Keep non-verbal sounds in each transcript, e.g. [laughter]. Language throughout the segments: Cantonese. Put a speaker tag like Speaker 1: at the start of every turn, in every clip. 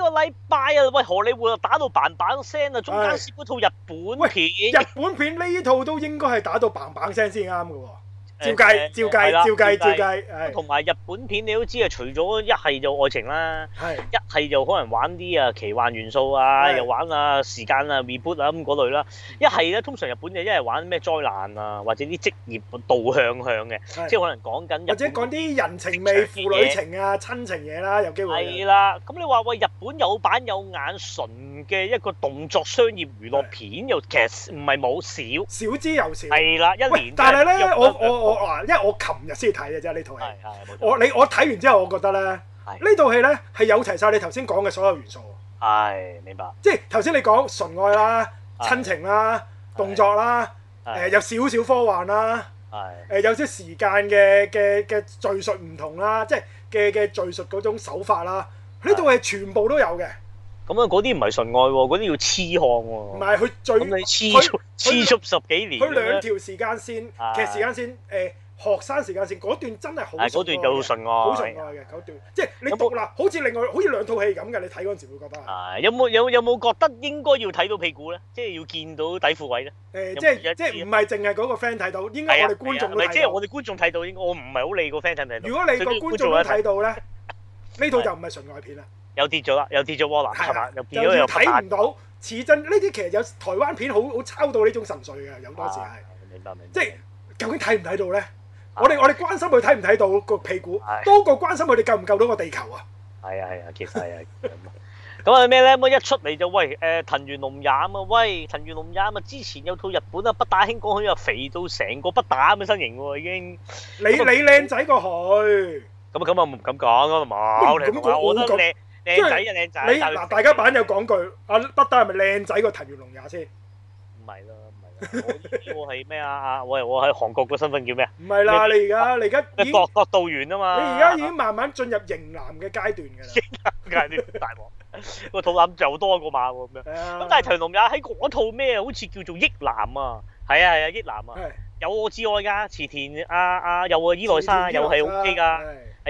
Speaker 1: 個禮拜啊，喂荷里活，打到棒棒聲啊，中間涉嗰套日本片喂， [laughs] 日
Speaker 2: 本片呢套都應該係打到棒棒聲先啱嘅。照計，照計，照計，照計。同
Speaker 1: 埋日本片，你都知啊，除咗一係就愛情啦，係一係就可能玩啲啊奇幻元素啊，又玩啊時間啊 reboot 啊咁嗰類啦。一係咧，通常日本嘅一係玩咩災難啊，或者啲職業導向向嘅，即係可能講緊或者講啲人情味、父女情
Speaker 2: 啊、親情嘢啦，有機會。係啦，咁你話
Speaker 1: 喂，日本有板有眼純嘅一個動作商業娛樂片，又其實唔係冇少，少之又少。係啦，一年喂，但係咧，我我我。因為
Speaker 2: 我琴日先睇嘅啫，呢套戲。我你我睇完之後，我覺得呢的，呢套戲呢，係有齊晒你頭先講嘅所有元素。係，明白。即係頭先你講純愛啦、親情啦、的動作啦、誒的、呃、有少少科幻啦、誒的、呃、有少時間嘅嘅嘅敘述唔同啦，即係嘅嘅敘述嗰種手法啦，呢套係全部都有嘅。
Speaker 1: 咁啊，嗰啲唔係純愛喎，嗰啲要黐漢
Speaker 2: 喎。唔係佢最黐
Speaker 1: 足，黐足十幾年。佢兩條
Speaker 2: 時間線，其實時間線誒學生時間線嗰段真係好純愛。嗰段就純愛，好純愛嘅嗰段，即係你讀喇，好似另外好似兩套戲咁嘅，你睇嗰陣時會覺得。係
Speaker 1: 有冇有有冇覺得應該要睇到屁股咧？即係要見到底褲位咧？誒，即係即係
Speaker 2: 唔係淨係嗰個 friend 睇到？應該我哋觀眾唔係即係我
Speaker 1: 哋觀眾睇到，應該我唔係好理個 friend 睇唔睇到。如果你個觀眾睇
Speaker 2: 到咧，呢套就唔係純愛片啦。
Speaker 1: 又跌咗啦，又跌咗鑊啦，係嘛，又跌咗又跌。睇唔到，
Speaker 2: 遲陣呢啲其實有台灣片好好抽到呢種神髓嘅，有當時係。明白明白。即係究竟睇唔睇到咧？我哋我哋關心佢睇唔睇到個屁股，多過關心佢哋救唔救到個地球啊！
Speaker 1: 係啊係啊，其實係。咁啊咩咧？咁一出嚟就喂誒藤原龍也啊嘛，喂藤原龍也啊嘛，之前有套日本啊不打兄講佢又肥到成個不打咁嘅身形喎已經。
Speaker 2: 你你靚仔過佢。咁啊咁啊唔敢講啊嘛，你話我靚？靚仔啊，靚仔！嗱，大家版有講句，阿北大係咪靚仔過藤原龍也先？
Speaker 1: 唔係咯，唔係。我我
Speaker 2: 係咩啊？
Speaker 1: 喂，我喺韓國個身份叫咩啊？唔係啦，你而家你而家國國道員啊嘛。你而家已
Speaker 2: 經慢慢進入型男嘅階段噶啦。型男階
Speaker 1: 段大鑊，個肚腩就多過馬喎咁樣。咁但係藤原龍也喺嗰套咩？好似叫做益男啊。係啊係啊，益男啊。有我之外，噶池田啊啊，又阿伊奈莎，又係 ok 噶。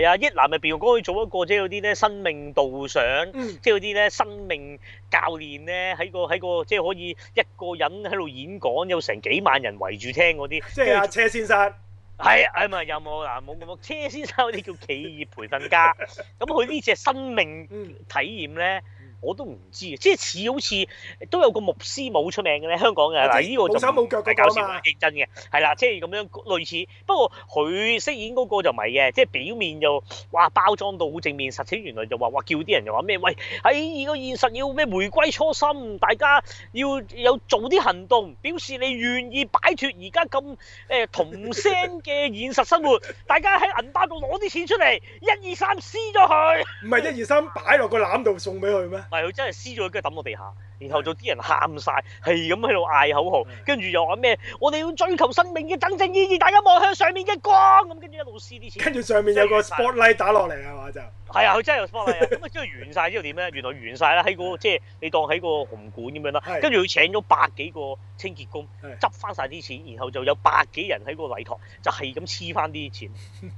Speaker 1: 呀！益南咪表哥可以做一個即係嗰啲咧生命導賞，即係嗰啲咧生命教練咧喺個喺個即係、就是、可以一個人喺度演講，有成幾萬人圍住聽嗰啲，即係阿車先生係係咪有冇嗱冇冇？車先生嗰啲、啊啊、叫企業培訓家，咁佢呢隻係生命體驗咧。嗯嗯。我都唔知，即係似好似都有個牧師冇出名嘅咧，香港嘅嗱，依個就係搞笑，唔認真嘅，係啦，即係咁樣類似。不過佢飾演嗰個就唔係嘅，即係表面就話包裝到好正面，實情原來就話，哇叫啲人就話咩？喂，喺、哎這個現實要咩回歸初心？大家要有做啲行動，表示你願意擺脫而家咁誒同聲嘅現實生活。 [laughs] 大家喺銀包度攞啲錢出嚟，一二三撕咗佢。唔係一二三擺落個籃度送俾佢咩？唔係佢真係撕咗，佢，跟住抌落地下，然後就啲人的喊晒，係咁喺度嗌口號，跟住又話咩？我哋要追求生命嘅真正意義，大家望向上面嘅光，咁跟住一路
Speaker 2: 黐啲錢。跟住上面有個 spotlight 打落嚟係嘛就？係啊，佢真係
Speaker 1: 有 spotlight 咁啊，之後完晒之後點咧？原來完晒啦，喺個即係、就是、你當喺個紅館咁樣啦。跟住佢請咗百幾個清潔工，執翻晒啲錢的，然後就有百幾人喺個禮堂，就係咁黐翻啲錢。 [laughs]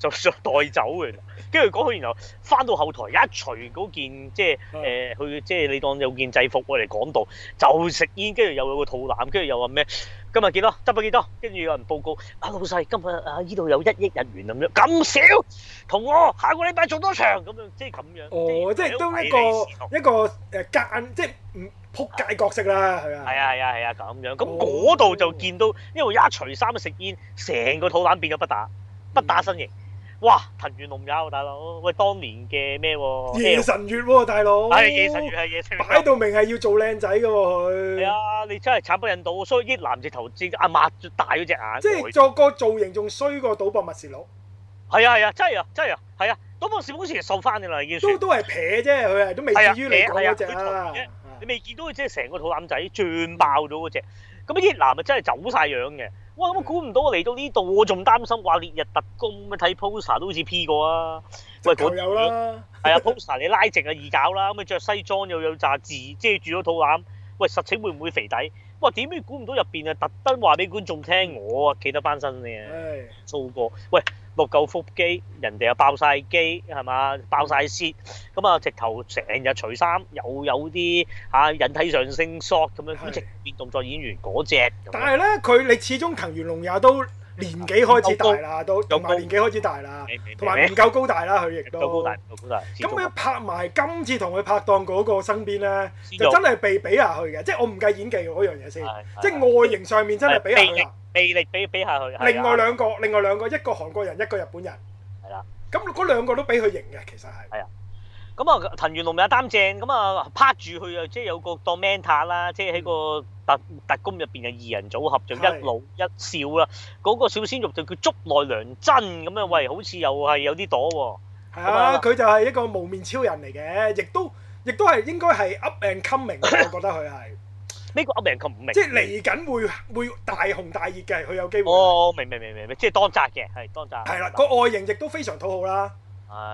Speaker 1: 就著 [laughs] 帶走嘅，跟住講完，然後翻到後台一除嗰件，呃 uh huh. 即係誒，佢即係你當有件制服過嚟講到，就食煙，跟住又有個肚腩，跟住又話咩？今日見多，執咗幾多，跟住有人報告阿、啊、老細，今日啊呢度有一億日
Speaker 2: 元咁樣，咁少同我下個禮拜做多場
Speaker 1: 咁樣，即係咁樣。Oh, 即係是都一個
Speaker 2: 一個誒間，即係唔仆街角色啦，
Speaker 1: 係 Yeah. 啊。係啊係啊，咁、啊啊啊、樣咁嗰度就見到，因為一除三，衫食煙，成個肚腩變咗不打不打身形。Mm hmm. 哇！藤原龍也大佬喂，當年嘅咩？夜神
Speaker 2: 月，大佬。係夜神月係夜神月，擺到明係要做靚仔嘅喎佢。係啊，
Speaker 1: 你真係慘不忍睹，所以啲男仔直頭阿擘大嗰隻眼。即係做
Speaker 2: 個造型仲衰過賭博默示錄。
Speaker 1: 係啊係啊，真係啊真係啊，係啊！賭博默示錄嗰時瘦翻嘅啦，已經。都都係
Speaker 2: 撇啫，佢都未至於你講嗰隻
Speaker 1: 你未見到佢即係成個肚腩仔脹爆咗嗰隻，咁啲男咪真係走晒樣嘅。哇！我估唔到我嚟到呢度，我仲擔心話烈日特工咩？睇 poster 都好似 P 過啊！喂，有啦、嗯，係啊 [laughs] ！poster 你拉直就易搞啦，咁你着西裝又有扎字遮住咗肚腩，喂實情會唔會肥底？哇！點都估唔到入邊啊！特登話俾觀眾聽我，我啊企得翻身嘅，做的過。喂。六嚿腹肌，人哋又爆晒肌，係嘛？爆晒蝕，咁啊直頭成日除衫，又有啲嚇、啊、引體上升 short 咁樣，好似變動作演員嗰隻。
Speaker 2: 但係咧，佢你始終藤原龍也都。年紀開始大啦，都同埋年紀開始大啦，同埋唔夠高大啦，佢亦都。
Speaker 1: 咁佢
Speaker 2: 拍埋今次同佢拍檔嗰個身邊咧，就真係被比下去嘅。即係我唔計演技嗰樣嘢先，即係外形上面真係比下。魅力
Speaker 1: 魅力比比下去。另外兩
Speaker 2: 個，另外兩個，一個韓國人，一個日本人。係啦。咁嗰兩個都比佢型嘅，其實係。對對對。
Speaker 1: 咁啊，藤原龍也擔正，咁啊，拍住佢啊，即係有個當 mentor 啦，即係喺個特特工入邊嘅二人組合就一老一少啦。嗰的個小鮮肉就叫竹內涼真，咁啊，喂，好似又係有啲朵喎。
Speaker 2: 啊的，佢吧就係一個幪面超人嚟嘅，亦都亦都係應該係 up and coming [laughs] 我覺得佢係。呢個 up and coming 即係嚟緊會會大紅大熱嘅，佢有機會。哦，
Speaker 1: 明白明白明白即係當紮嘅，係當紮。係啦的，
Speaker 2: 個外形亦都非常討好啦。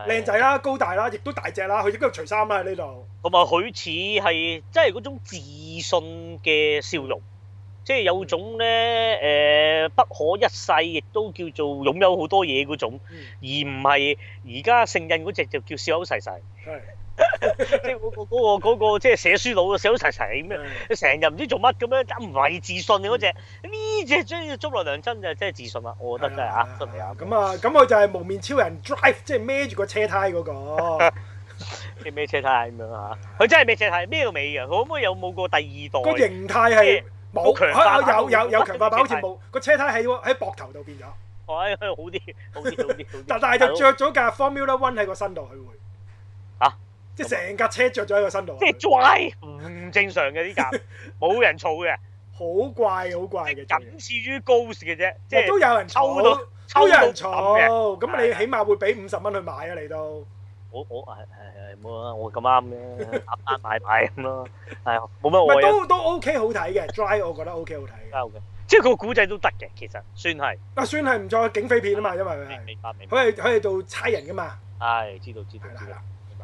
Speaker 2: 靚仔啦，高大啦，亦都大隻啦，佢亦都除衫啦呢度。
Speaker 1: 同埋佢似係即係嗰種自信嘅笑容，即係有種咧誒、呃，不可一世，亦都叫做擁有好多嘢嗰種，而唔係而家勝印嗰隻就叫笑口細細。 [laughs] 即係我嗰個嗰個即係寫書佬，寫到齊齊咩？成日唔知做乜咁樣，唔係自信嘅嗰隻呢隻，即係足落良真就真係自信啊！我覺得真係啱，真係啱。
Speaker 2: 咁啊，咁佢、哎呀 啊、就係蒙面超人 Drive，即係孭住個車胎嗰個，
Speaker 1: 孭 [laughs] 車胎咁樣啊，佢 [laughs] 真係孭車胎、啊，孭到尾嘅。佢可唔可以有冇個第二代？個形態係冇強化版，有有有強化版、 [laughs] [laughs] 哎，好似冇
Speaker 2: 個車胎係喺膊頭度變咗。
Speaker 1: 唉，好啲，好啲，好啲，好
Speaker 2: 啲。但但係就着咗架 Formula One 喺個身度，佢會。即係成架車着咗喺個身度，即係 dry，
Speaker 1: 唔正常嘅呢架，冇人儲嘅，好
Speaker 2: 怪好怪嘅，僅次於 Ghost 嘅啫，即係都有人抽到，都有人儲，咁你起碼會俾五十蚊去買啊你都。我我係係
Speaker 1: 冇啊，我咁啱嘅，買牌咁咯，係冇乜我都
Speaker 2: 都 OK 好睇嘅，dry 我覺得 OK 好睇，OK，即係個古仔都得嘅，其實算係，啊算係唔錯警匪片啊嘛，因為佢係佢係做差人噶嘛，
Speaker 1: 係知道知道。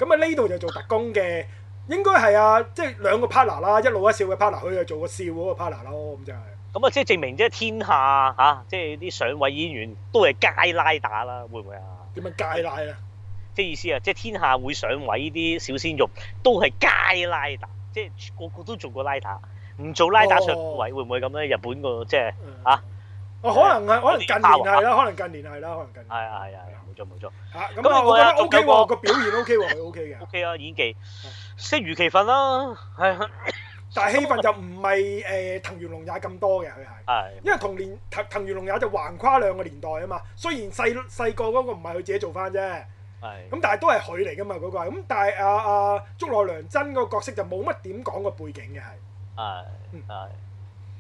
Speaker 2: 咁啊呢度就做特工嘅，應該係啊，即係兩個 partner 啦，一老一少嘅 partner，佢就做個笑嗰個 partner 咯，咁就係。
Speaker 1: 咁啊，即係證明即係天下嚇，即係啲上位演員都係街拉打啦，會唔會啊？點樣街拉啊？即係意思啊，即係天下會上位啲小鮮肉都係街拉打，即係個個都做過拉打，唔做拉打上位、哦、會唔會咁咧？日本個即係嚇。哦、啊嗯啊，可能係，是可能近年係啦，可能近年係啦，可能近
Speaker 2: 年。係啊，係啊。冇錯，嚇咁啊！我覺得 O K 喎，個表現 O K 喎，佢 O K 嘅。O K 啊，演技適如其分啦。係，但係戲份就唔係誒藤原龍也咁多嘅，佢係。係。因為同年藤藤原龍也就橫跨兩個年代啊嘛。雖然細細個嗰個唔係佢自己做翻啫。係。咁但係都係佢嚟噶嘛嗰個。咁但係阿阿竹內涼真個角色就冇乜點講個背景嘅係。係。嗯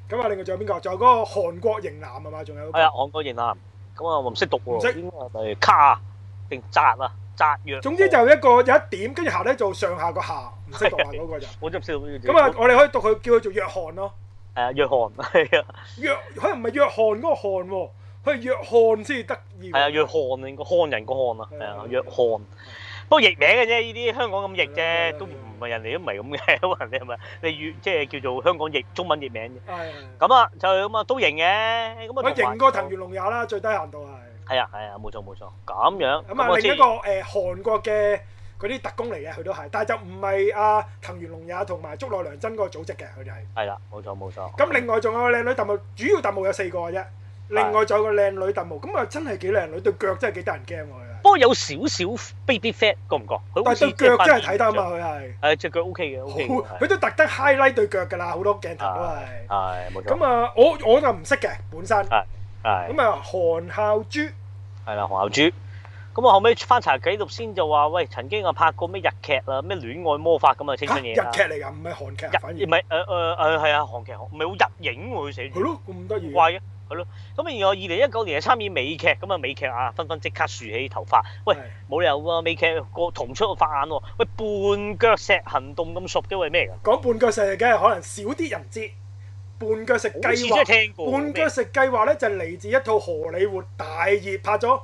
Speaker 2: 咁啊，另外仲有邊個？仲有嗰個韓國型男啊嘛？仲有。係
Speaker 1: 啊，韓國型男。咁用啊，我唔識讀喎，係卡定窄啊，窄藥。總之
Speaker 2: 就一個有一個點，跟住下咧做上下個下，唔
Speaker 1: 識讀啊嗰對 個 [laughs] 就，就。我真唔識咁樣。咁啊我，我
Speaker 2: 哋可以讀佢，叫佢做約翰咯。係啊，約翰係啊。約可能唔係約翰嗰個漢，佢係約翰先至得意。係
Speaker 1: 啊，約翰應該漢人個漢啊，係啊若漢，約翰。不過譯名嘅啫，依啲香港咁譯啫，都唔係人哋都唔係咁嘅，可能你係咪你粵即係叫做香港譯中文譯名啫？係係。咁啊就咁啊都型嘅，咁啊佢型過藤
Speaker 2: 原龍也啦，最低限度係。
Speaker 1: 係啊係啊，冇錯冇錯，咁樣。咁啊另一個
Speaker 2: 誒韓國嘅嗰啲特工嚟嘅，佢都係，但係就唔係阿藤原龍也同埋竹內涼真個組織嘅，佢
Speaker 1: 就係。係啦，冇錯冇錯。
Speaker 2: 咁另外仲有個靚女特務，主要特務有四個啫，另外仲有個靚女特務，咁啊真係幾靚女，對腳真係幾得人驚喎。
Speaker 1: 不過有少少 baby fat，覺唔覺？但對腳真係睇得啊嘛，佢係。誒、啊，隻腳 OK 嘅，OK。
Speaker 2: 佢好是都特登 highlight 對腳噶啦，好多鏡頭都
Speaker 1: 係。係、啊，冇、
Speaker 2: 啊、錯。咁啊，我我就唔識嘅本
Speaker 1: 身。係咁啊，
Speaker 2: 啊，韓孝珠。
Speaker 1: 係啦，韓孝珠。咁啊，後尾翻查記錄先就話，喂，曾經啊拍過咩日劇啦、啊，咩戀愛魔法咁啊，青春嘢。日劇嚟
Speaker 2: 噶，
Speaker 1: 唔係韓、啊呃呃、韓劇。日唔係誒誒誒係啊，韓劇唔係好入影喎，死。係咯，咁得意。怪嘅。係咯，咁啊，然後二零一九年又參與美劇，咁啊，是的 啊，美劇啊，紛紛即刻豎起頭髮。喂，冇理由喎，美劇個同出個法眼喎、啊。喂，半腳石行動咁熟嘅，為咩㗎？
Speaker 2: 講半腳石梗係可能少啲人知。半腳石計劃，聽半腳石計劃咧就嚟自一套荷里活大熱拍咗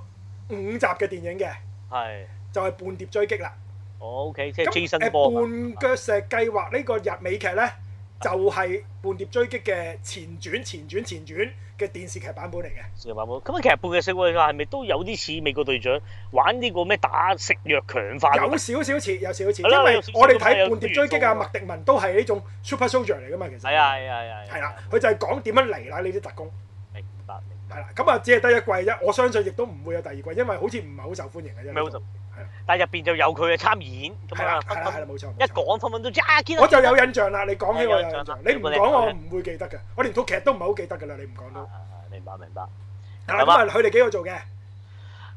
Speaker 2: 五集嘅電影嘅，係的就係《半碟追擊》啦。
Speaker 1: OK，即係 Jason 波半
Speaker 2: 腳石計劃呢個日美劇咧，啊、就係《半碟追擊》嘅前傳、前傳、前傳。前轉前轉前轉嘅電
Speaker 1: 視劇版本嚟嘅，電視劇版本咁啊，其實半嘅社會啊，係咪都有啲似美國隊長玩呢個咩打食藥強化？有
Speaker 2: 少少似，有少少似，因為我哋睇《叛諜追擊》啊，麥迪文都係呢種 super soldier 嚟噶嘛，其實係啊係啊係，係啦，佢就係講點樣嚟啦呢啲特工，明白明白，係啦，咁啊只係第一季啫，我相信亦都唔會有第二季，因為好似唔係好受歡迎嘅啫。
Speaker 1: 但入邊就有佢嘅參演，係啊，係啦，冇錯。一講分分鐘，我就有印
Speaker 2: 象啦。你講起我印象，你唔講我唔會記得㗎。我連套劇都唔係好記得噶啦。你唔講都明白，明白。佢哋幾個做嘅。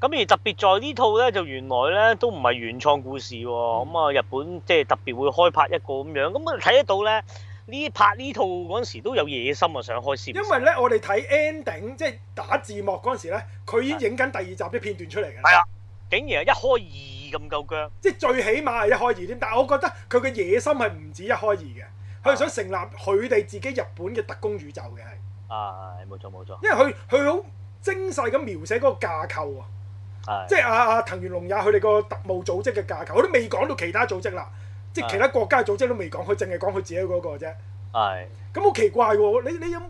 Speaker 1: 咁而特別在呢套咧，就原來咧都唔係原創故事喎。咁啊，日本即係特別會開拍一個咁樣。咁啊睇得到咧呢拍呢套嗰陣時都有野心啊，想開先。因
Speaker 2: 為咧，我哋睇 ending 即係打字幕嗰陣時咧，佢已經影緊第二集啲片段出嚟嘅啦。係啊，
Speaker 1: 竟然一開二。咁夠
Speaker 2: 即係最起碼係一開二添。但係我覺得佢嘅野心係唔止一開二嘅，佢想成立佢哋自己日本嘅特工宇宙嘅，係、哎。啊，冇
Speaker 1: 錯冇錯。錯因為佢
Speaker 2: 佢好精細咁描寫嗰個架構、
Speaker 1: 哎、啊。即係
Speaker 2: 阿阿藤原龍也佢哋個特務組織嘅架構，我都未講到其他組織啦，哎、即係其他國家嘅組織都未講，佢淨係講佢自己嗰個啫。係、哎。咁好奇怪喎、哦？你你有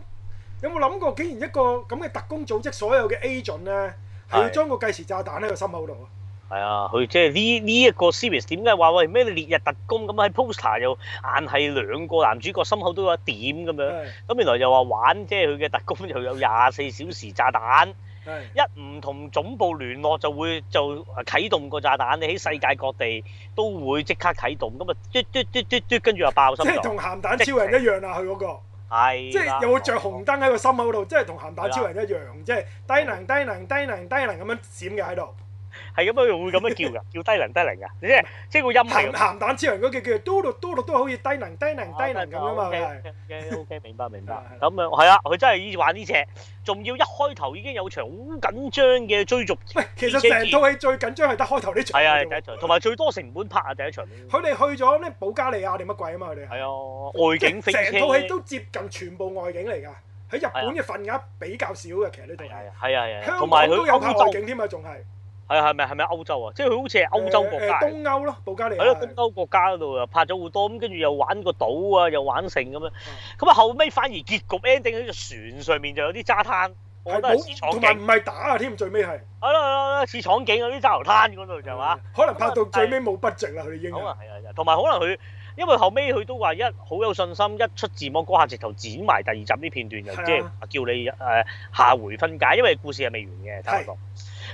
Speaker 2: 有冇諗過？竟然一個咁嘅特工組織，所有嘅 agent 咧，係要將個計時炸彈喺個心口度。
Speaker 1: 係啊，佢即係呢呢一個 series，點解話喂咩烈日特工咁，喺 poster 又硬係兩個男主角心口都有一點咁樣，咁的原來又話玩即係佢嘅特工又有廿四小時炸彈，的一唔同總部聯絡就會就啟動個炸彈，你喺世界各地都會即刻啟動，咁啊嘟嘟嘟嘟嘟，跟住又爆心，即係同鹹蛋
Speaker 2: 超人一樣啊。佢嗰個
Speaker 1: 係即係又會
Speaker 2: 着紅燈喺個心口度，即係同鹹蛋超人一樣，即係、嗯、低能低能低能低能咁樣閃嘅喺度。
Speaker 1: 係咁樣會咁樣叫噶，叫低
Speaker 2: 能低能噶，即即個音。行鹹蛋超人嗰句叫多到多到多，好似低能低能低能咁啊嘛，係。OK OK，明白明
Speaker 1: 白。咁樣係啊，佢真係依玩呢隻，仲要一開頭已經有場好緊張嘅追逐。唔係，其實成套戲
Speaker 2: 最緊張係得開頭呢場。係啊，第一場，同埋最多成本拍下第一場。佢哋去咗咧保加利亞定乜鬼啊嘛？佢哋。係啊，外景飛車。成套戲都接近全部外景嚟噶，喺日本嘅份額比較少嘅，其實呢套
Speaker 1: 係。係啊係啊。香港都有拍外景添啊，仲係。係咪係咪歐洲啊？即係佢好似係歐洲國家、呃。誒、呃、東
Speaker 2: 歐咯，保加利亞。係咯，
Speaker 1: 東歐國家嗰度啊，拍咗好多，咁跟住又玩個島啊，又玩成咁樣。咁啊，後尾反而結局 ending 喺隻船上面就有啲揸攤，我覺得係搶景。唔係打啊，添最尾係。係咯係咯，似搶景嗰啲渣頭攤嗰度就話可能拍到最尾冇筆直啦，佢哋已經。咁啊係啊，同埋可能佢，因為後尾佢都話一好有信心，一出字幕嗰下直頭剪埋第二集啲片段，就即係叫你誒、啊、下回分解，因為故事係未完嘅，睇下個。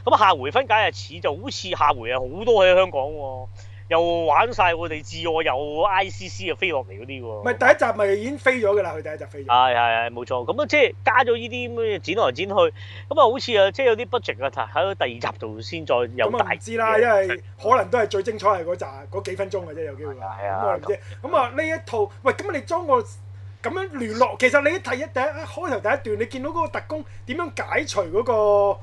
Speaker 1: 咁下回分解又似就好似下回啊，好多喺香港喎，又玩晒我哋自我有 ICC 啊飛落嚟嗰啲喎。
Speaker 2: 唔係第一集咪已經飛咗㗎啦，佢第一
Speaker 1: 集飛咗。係係係冇錯，咁啊即係加咗呢啲咩剪嚟剪去，咁啊好似啊即係有啲 budget 啊，喺第二集度先再有大。大支啦，因為
Speaker 2: 可能都係最精彩係嗰集嗰幾分鐘嘅啫，有機會。係啊。咁啊咁、嗯、啊呢那那一套喂，咁你裝個？咁樣聯絡，其實你一睇一第一，第一開頭第一段，你見到嗰個特工點樣解除嗰個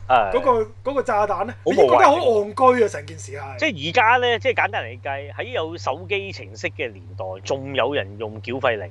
Speaker 2: 嗰個嗰個炸彈咧？你覺得好戇居啊！成件事係
Speaker 1: 即係而家咧，即係簡單嚟計，喺有手機程式嘅年代，仲有人用繳費靈？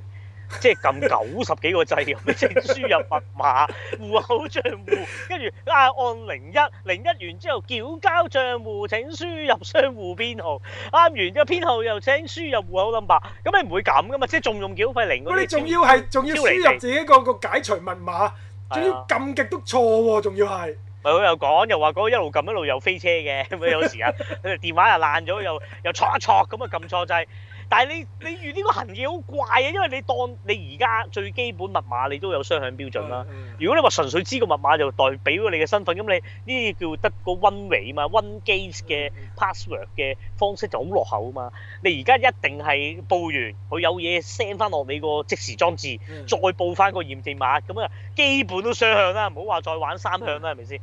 Speaker 1: 即係撳九十幾個掣，即係輸入密碼、戶口賬戶，跟住啊按零一，零一完之後繳交賬戶，請輸入商戶編號，啱完之後編號又請輸入戶口 number，咁你唔會咁噶嘛？即係仲用繳費靈嗰啲錢。仲、你、 [laughs] 要係仲要輸入自己
Speaker 2: 個個解除密碼，仲要撳極都錯喎，仲要係。
Speaker 1: 咪我 [laughs] [laughs] [laughs] 又講又話嗰個一路撳一路又飛車嘅，咁啊有時啊佢哋電話又爛咗，又又濮一濮錯一錯咁啊撳錯掣。但係你你遇呢個行嘢好怪啊，因為你當你而家最基本密碼你都有雙向標準啦。嗯、如果你話純粹知個密碼就代表你嘅身份，咁你呢啲叫得個 one way 嘛，one gate 嘅 password 嘅方式就好落後啊嘛。你而家一定係報完佢有嘢 send 翻落你個即時裝置，再報翻個驗證碼，咁啊
Speaker 2: 基本都雙向
Speaker 1: 啦，唔好話再玩三向啦，係咪先？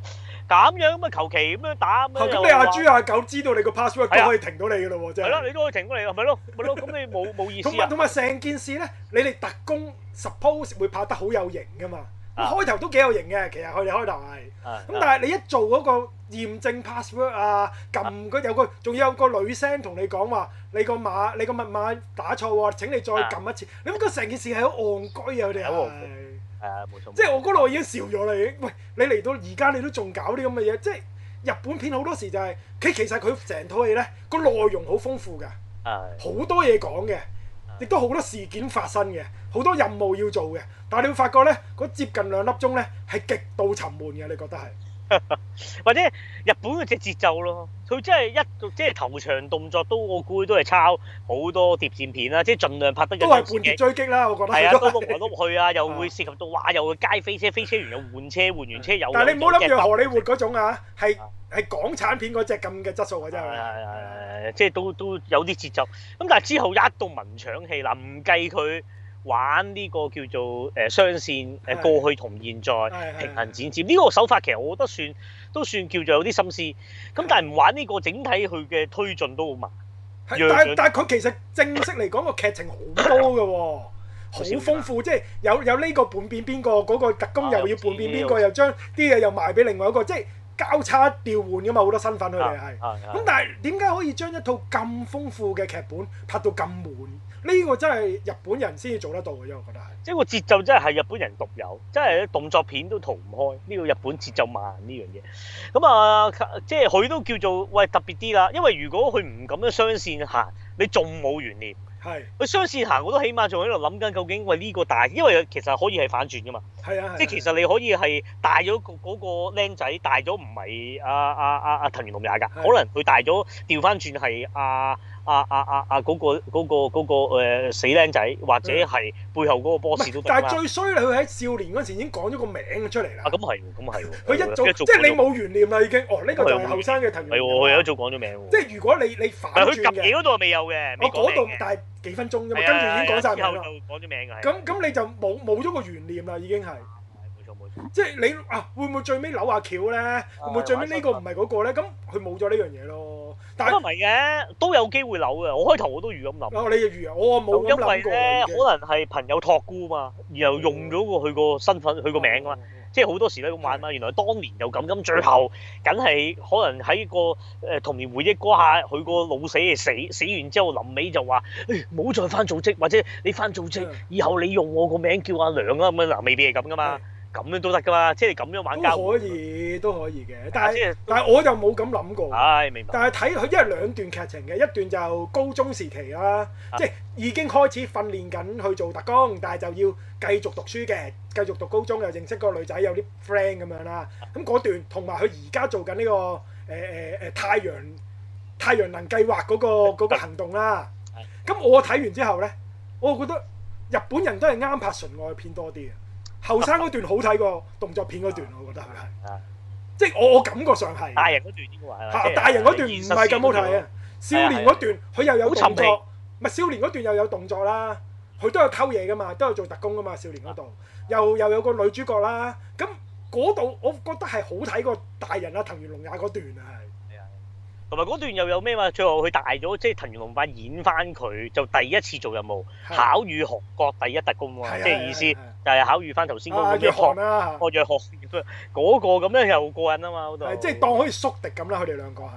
Speaker 1: 咁樣咁啊求其咁樣打。咁你阿豬
Speaker 2: 阿狗、啊、知道你個 password 都可以停到你噶啦喎，真係。
Speaker 1: 你都可以停到你，係咪咯？
Speaker 2: 咁、哦、你冇冇意思啊？同埋同埋成件事咧，你哋特工 suppose 會拍得好有型噶嘛？咁、啊、開頭都幾有型嘅，其實佢哋開頭係咁，啊啊、但係你一做嗰個驗證 password 啊，撳嗰、嗰個啊、有個仲要有個女聲同你講話，你個碼你個密碼打錯喎，請你再撳一次。啊、你覺得成件事係好戇居啊？佢哋係係啊，冇錯。即係我嗰度已經笑咗啦，已經。喂，你嚟到而家你都仲搞啲咁嘅嘢，即係日本片好多時就係、係、佢其實佢成套戲咧個內容好豐富嘅。好多嘢講嘅，亦都好多事件發生嘅，好多任務要做嘅。但係你會發覺呢，嗰接近兩粒鐘呢，係極度沉悶嘅。你覺得係？或者日本嗰隻
Speaker 1: 節奏咯，佢真係一即係頭場動作都我估都係抄好多諜戰片啦，即係盡量拍得嘅。都係換車追
Speaker 2: 擊啦，我覺得。係都落來
Speaker 1: 都落去啊，又會涉及到話又會街飛車，飛車完又換車，換完車又。但係你唔好諗住荷
Speaker 2: 里活嗰種啊，係係港產片嗰隻咁嘅質素啊真係。係係，即係都都有啲節奏。咁但係之後一
Speaker 1: 到文搶戲啦，唔計佢。玩呢個叫做，誒雙線，誒過去同現在平衡剪接呢個手法，其實我覺得算都算叫做有啲心思咁，但係唔玩呢個，整體佢嘅推進都好慢。
Speaker 2: 係，但但佢其實正式嚟講個劇情好多㗎喎，好豐富，即係有有呢個叛變邊個，嗰個特工又要叛變邊個，又將啲嘢又賣俾另外一個，即係交叉調換㗎嘛，好多身份佢哋係。咁但係點解可以將一套咁豐富嘅劇本拍到咁悶？.呢個真係日本人先至做得到嘅，
Speaker 1: 因為我覺得係。即係個節奏真係係日本人獨有，真係咧動作片都逃唔開。呢、這個日本節奏慢呢樣嘢。咁、嗯、啊、呃，即係佢都叫做喂特別啲啦。因為如果佢唔咁樣雙線行，你仲冇懸念。係是。佢雙線行，我都起碼仲喺度諗緊究竟喂呢個大，因為其實可以係反轉噶嘛。係啊。啊即係其實你可以係大咗嗰個僆仔，大咗唔係啊啊啊阿藤原龍也㗎，是可能佢大咗調返轉係啊。啊啊啊，阿嗰個嗰個死僆仔，或者係背後嗰個 boss 都，但係最
Speaker 2: 衰佢喺少年嗰陣時已經講咗個名出嚟啦。咁啊係喎，咁啊係喎。佢一早即係你冇懸念啦，已經。哦，呢個就係後生嘅騰。係佢一早講咗名喎。即係如果你你
Speaker 1: 反轉嘅，度未有嘅，我嗰度
Speaker 2: 但係幾分鐘咋嘛，跟住已經講晒名啦。咗名咁咁你就冇冇咗個懸念啦，已經係。冇錯冇錯。即係你啊，會唔會最尾扭下橋咧？會唔會最尾呢個唔係嗰個咧？咁佢冇咗呢樣嘢咯。都唔係嘅，都有機會扭嘅。我開頭我都預咁諗。啊，你預
Speaker 1: 啊，我啊冇諗過。因為咧，可能係朋友託孤啊嘛，然後用咗個佢個身份，佢個名啊嘛。即係好多時都咁玩嘛。原來當年又咁，咁最後，梗係可能喺個誒童年回憶嗰下，佢個老死死死完之後，臨尾就話：誒，唔好再翻組織，或者你翻組織，以後你用我個名叫阿梁啊咁樣嗱，未必係咁噶嘛。咁樣都得噶嘛？即係咁樣玩交可
Speaker 2: 以，都可以嘅。但係、啊就係、但係我就冇咁諗過、
Speaker 1: 哎。明白。但係睇佢
Speaker 2: 因為兩段劇情嘅一段就高中時期啦，啊、即係已經開始訓練緊去做特工，但係就要繼續讀書嘅，繼續讀高中又認識個女仔，有啲 friend 咁樣啦。咁嗰、啊、段同埋佢而家做緊、呢、呢個誒誒誒太陽太陽能計劃嗰、嗰個啊、個行動啦。咁、啊啊啊、我睇完之後呢，我覺得日本人都係啱拍純愛片多啲後生嗰段好睇過動作片嗰段，我覺得係， [laughs] 即係我我感覺上係。大人嗰段應該係， [laughs] 大人嗰段唔係咁好睇啊。少 [laughs] 年嗰段佢又有動作，唔咪少年嗰段又有動作啦。佢都有溝嘢噶嘛，都有做特工噶嘛。少年嗰度 [laughs] 又又有個女主角啦。咁嗰度我覺得係好睇過大人阿藤原龍也嗰段啊。係，
Speaker 1: 同埋嗰段又有咩話？最後佢大咗，即係藤原龍也演翻佢，就第一次做任務， [laughs] 考遇學國第一特工啊嘛， [laughs] 即係意思。 [laughs] 就係考慮翻頭先嗰個咩學、啊，哦，藥學嗰個咁咧又過癮啊嘛，度是，裡即係當
Speaker 2: 可以縮敵咁啦，佢哋兩個係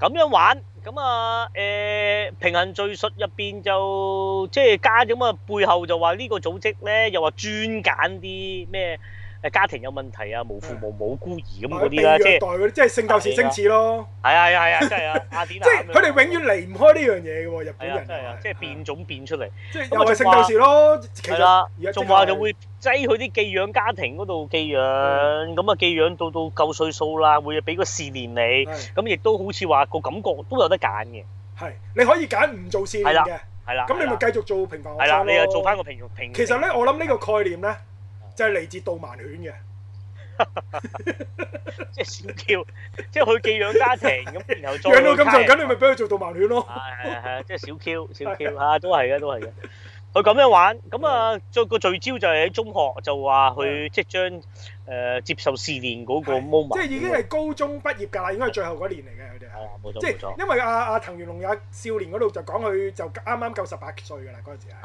Speaker 1: 咁樣玩，咁啊，誒、呃、平衡敘述入邊就即係、就是、加咗啊，背後就話呢個組織咧又話專揀啲咩？家庭有問題啊，無父無母孤兒咁嗰啲啦，即係虐
Speaker 2: 即係聖鬥士星矢咯。
Speaker 1: 係啊係啊係啊，真係啊！即係佢哋永遠離唔開呢樣嘢嘅喎，日本人真係啊，即係變種變出嚟。即係咁啊，聖鬥士
Speaker 2: 咯，係啦，仲話就會
Speaker 1: 擠佢啲寄養家庭嗰度寄養，咁啊寄養到到夠歲數啦，會俾個試練
Speaker 2: 你，咁亦都好似話個感覺都有得揀嘅。係，你可以揀唔做試練嘅。係啦。係啦。咁你咪繼續做平凡學生咯。係啦，你又做翻個平凡。其實咧，我諗呢個概念咧。就係嚟自導盲犬嘅，即係小 Q，即係佢寄養家庭咁，然後養到咁長，咁你咪俾佢做導盲犬咯。係係係，即、就、係、是、小 Q 小
Speaker 1: Q [laughs] [laughs] 啊，都係嘅都係嘅。佢咁樣玩咁啊，最個聚焦就係喺中學就，就話佢即係將誒接受試練嗰個 moment。即、就、係、是、已經係
Speaker 2: 高中畢業㗎啦，應該係最後嗰年嚟嘅佢哋。
Speaker 1: 係、就是、 [laughs] [laughs] 啊，冇錯冇錯。因
Speaker 2: 為阿阿藤原龍也少年嗰度就講佢就啱啱夠十八歲㗎啦，嗰陣時 [laughs]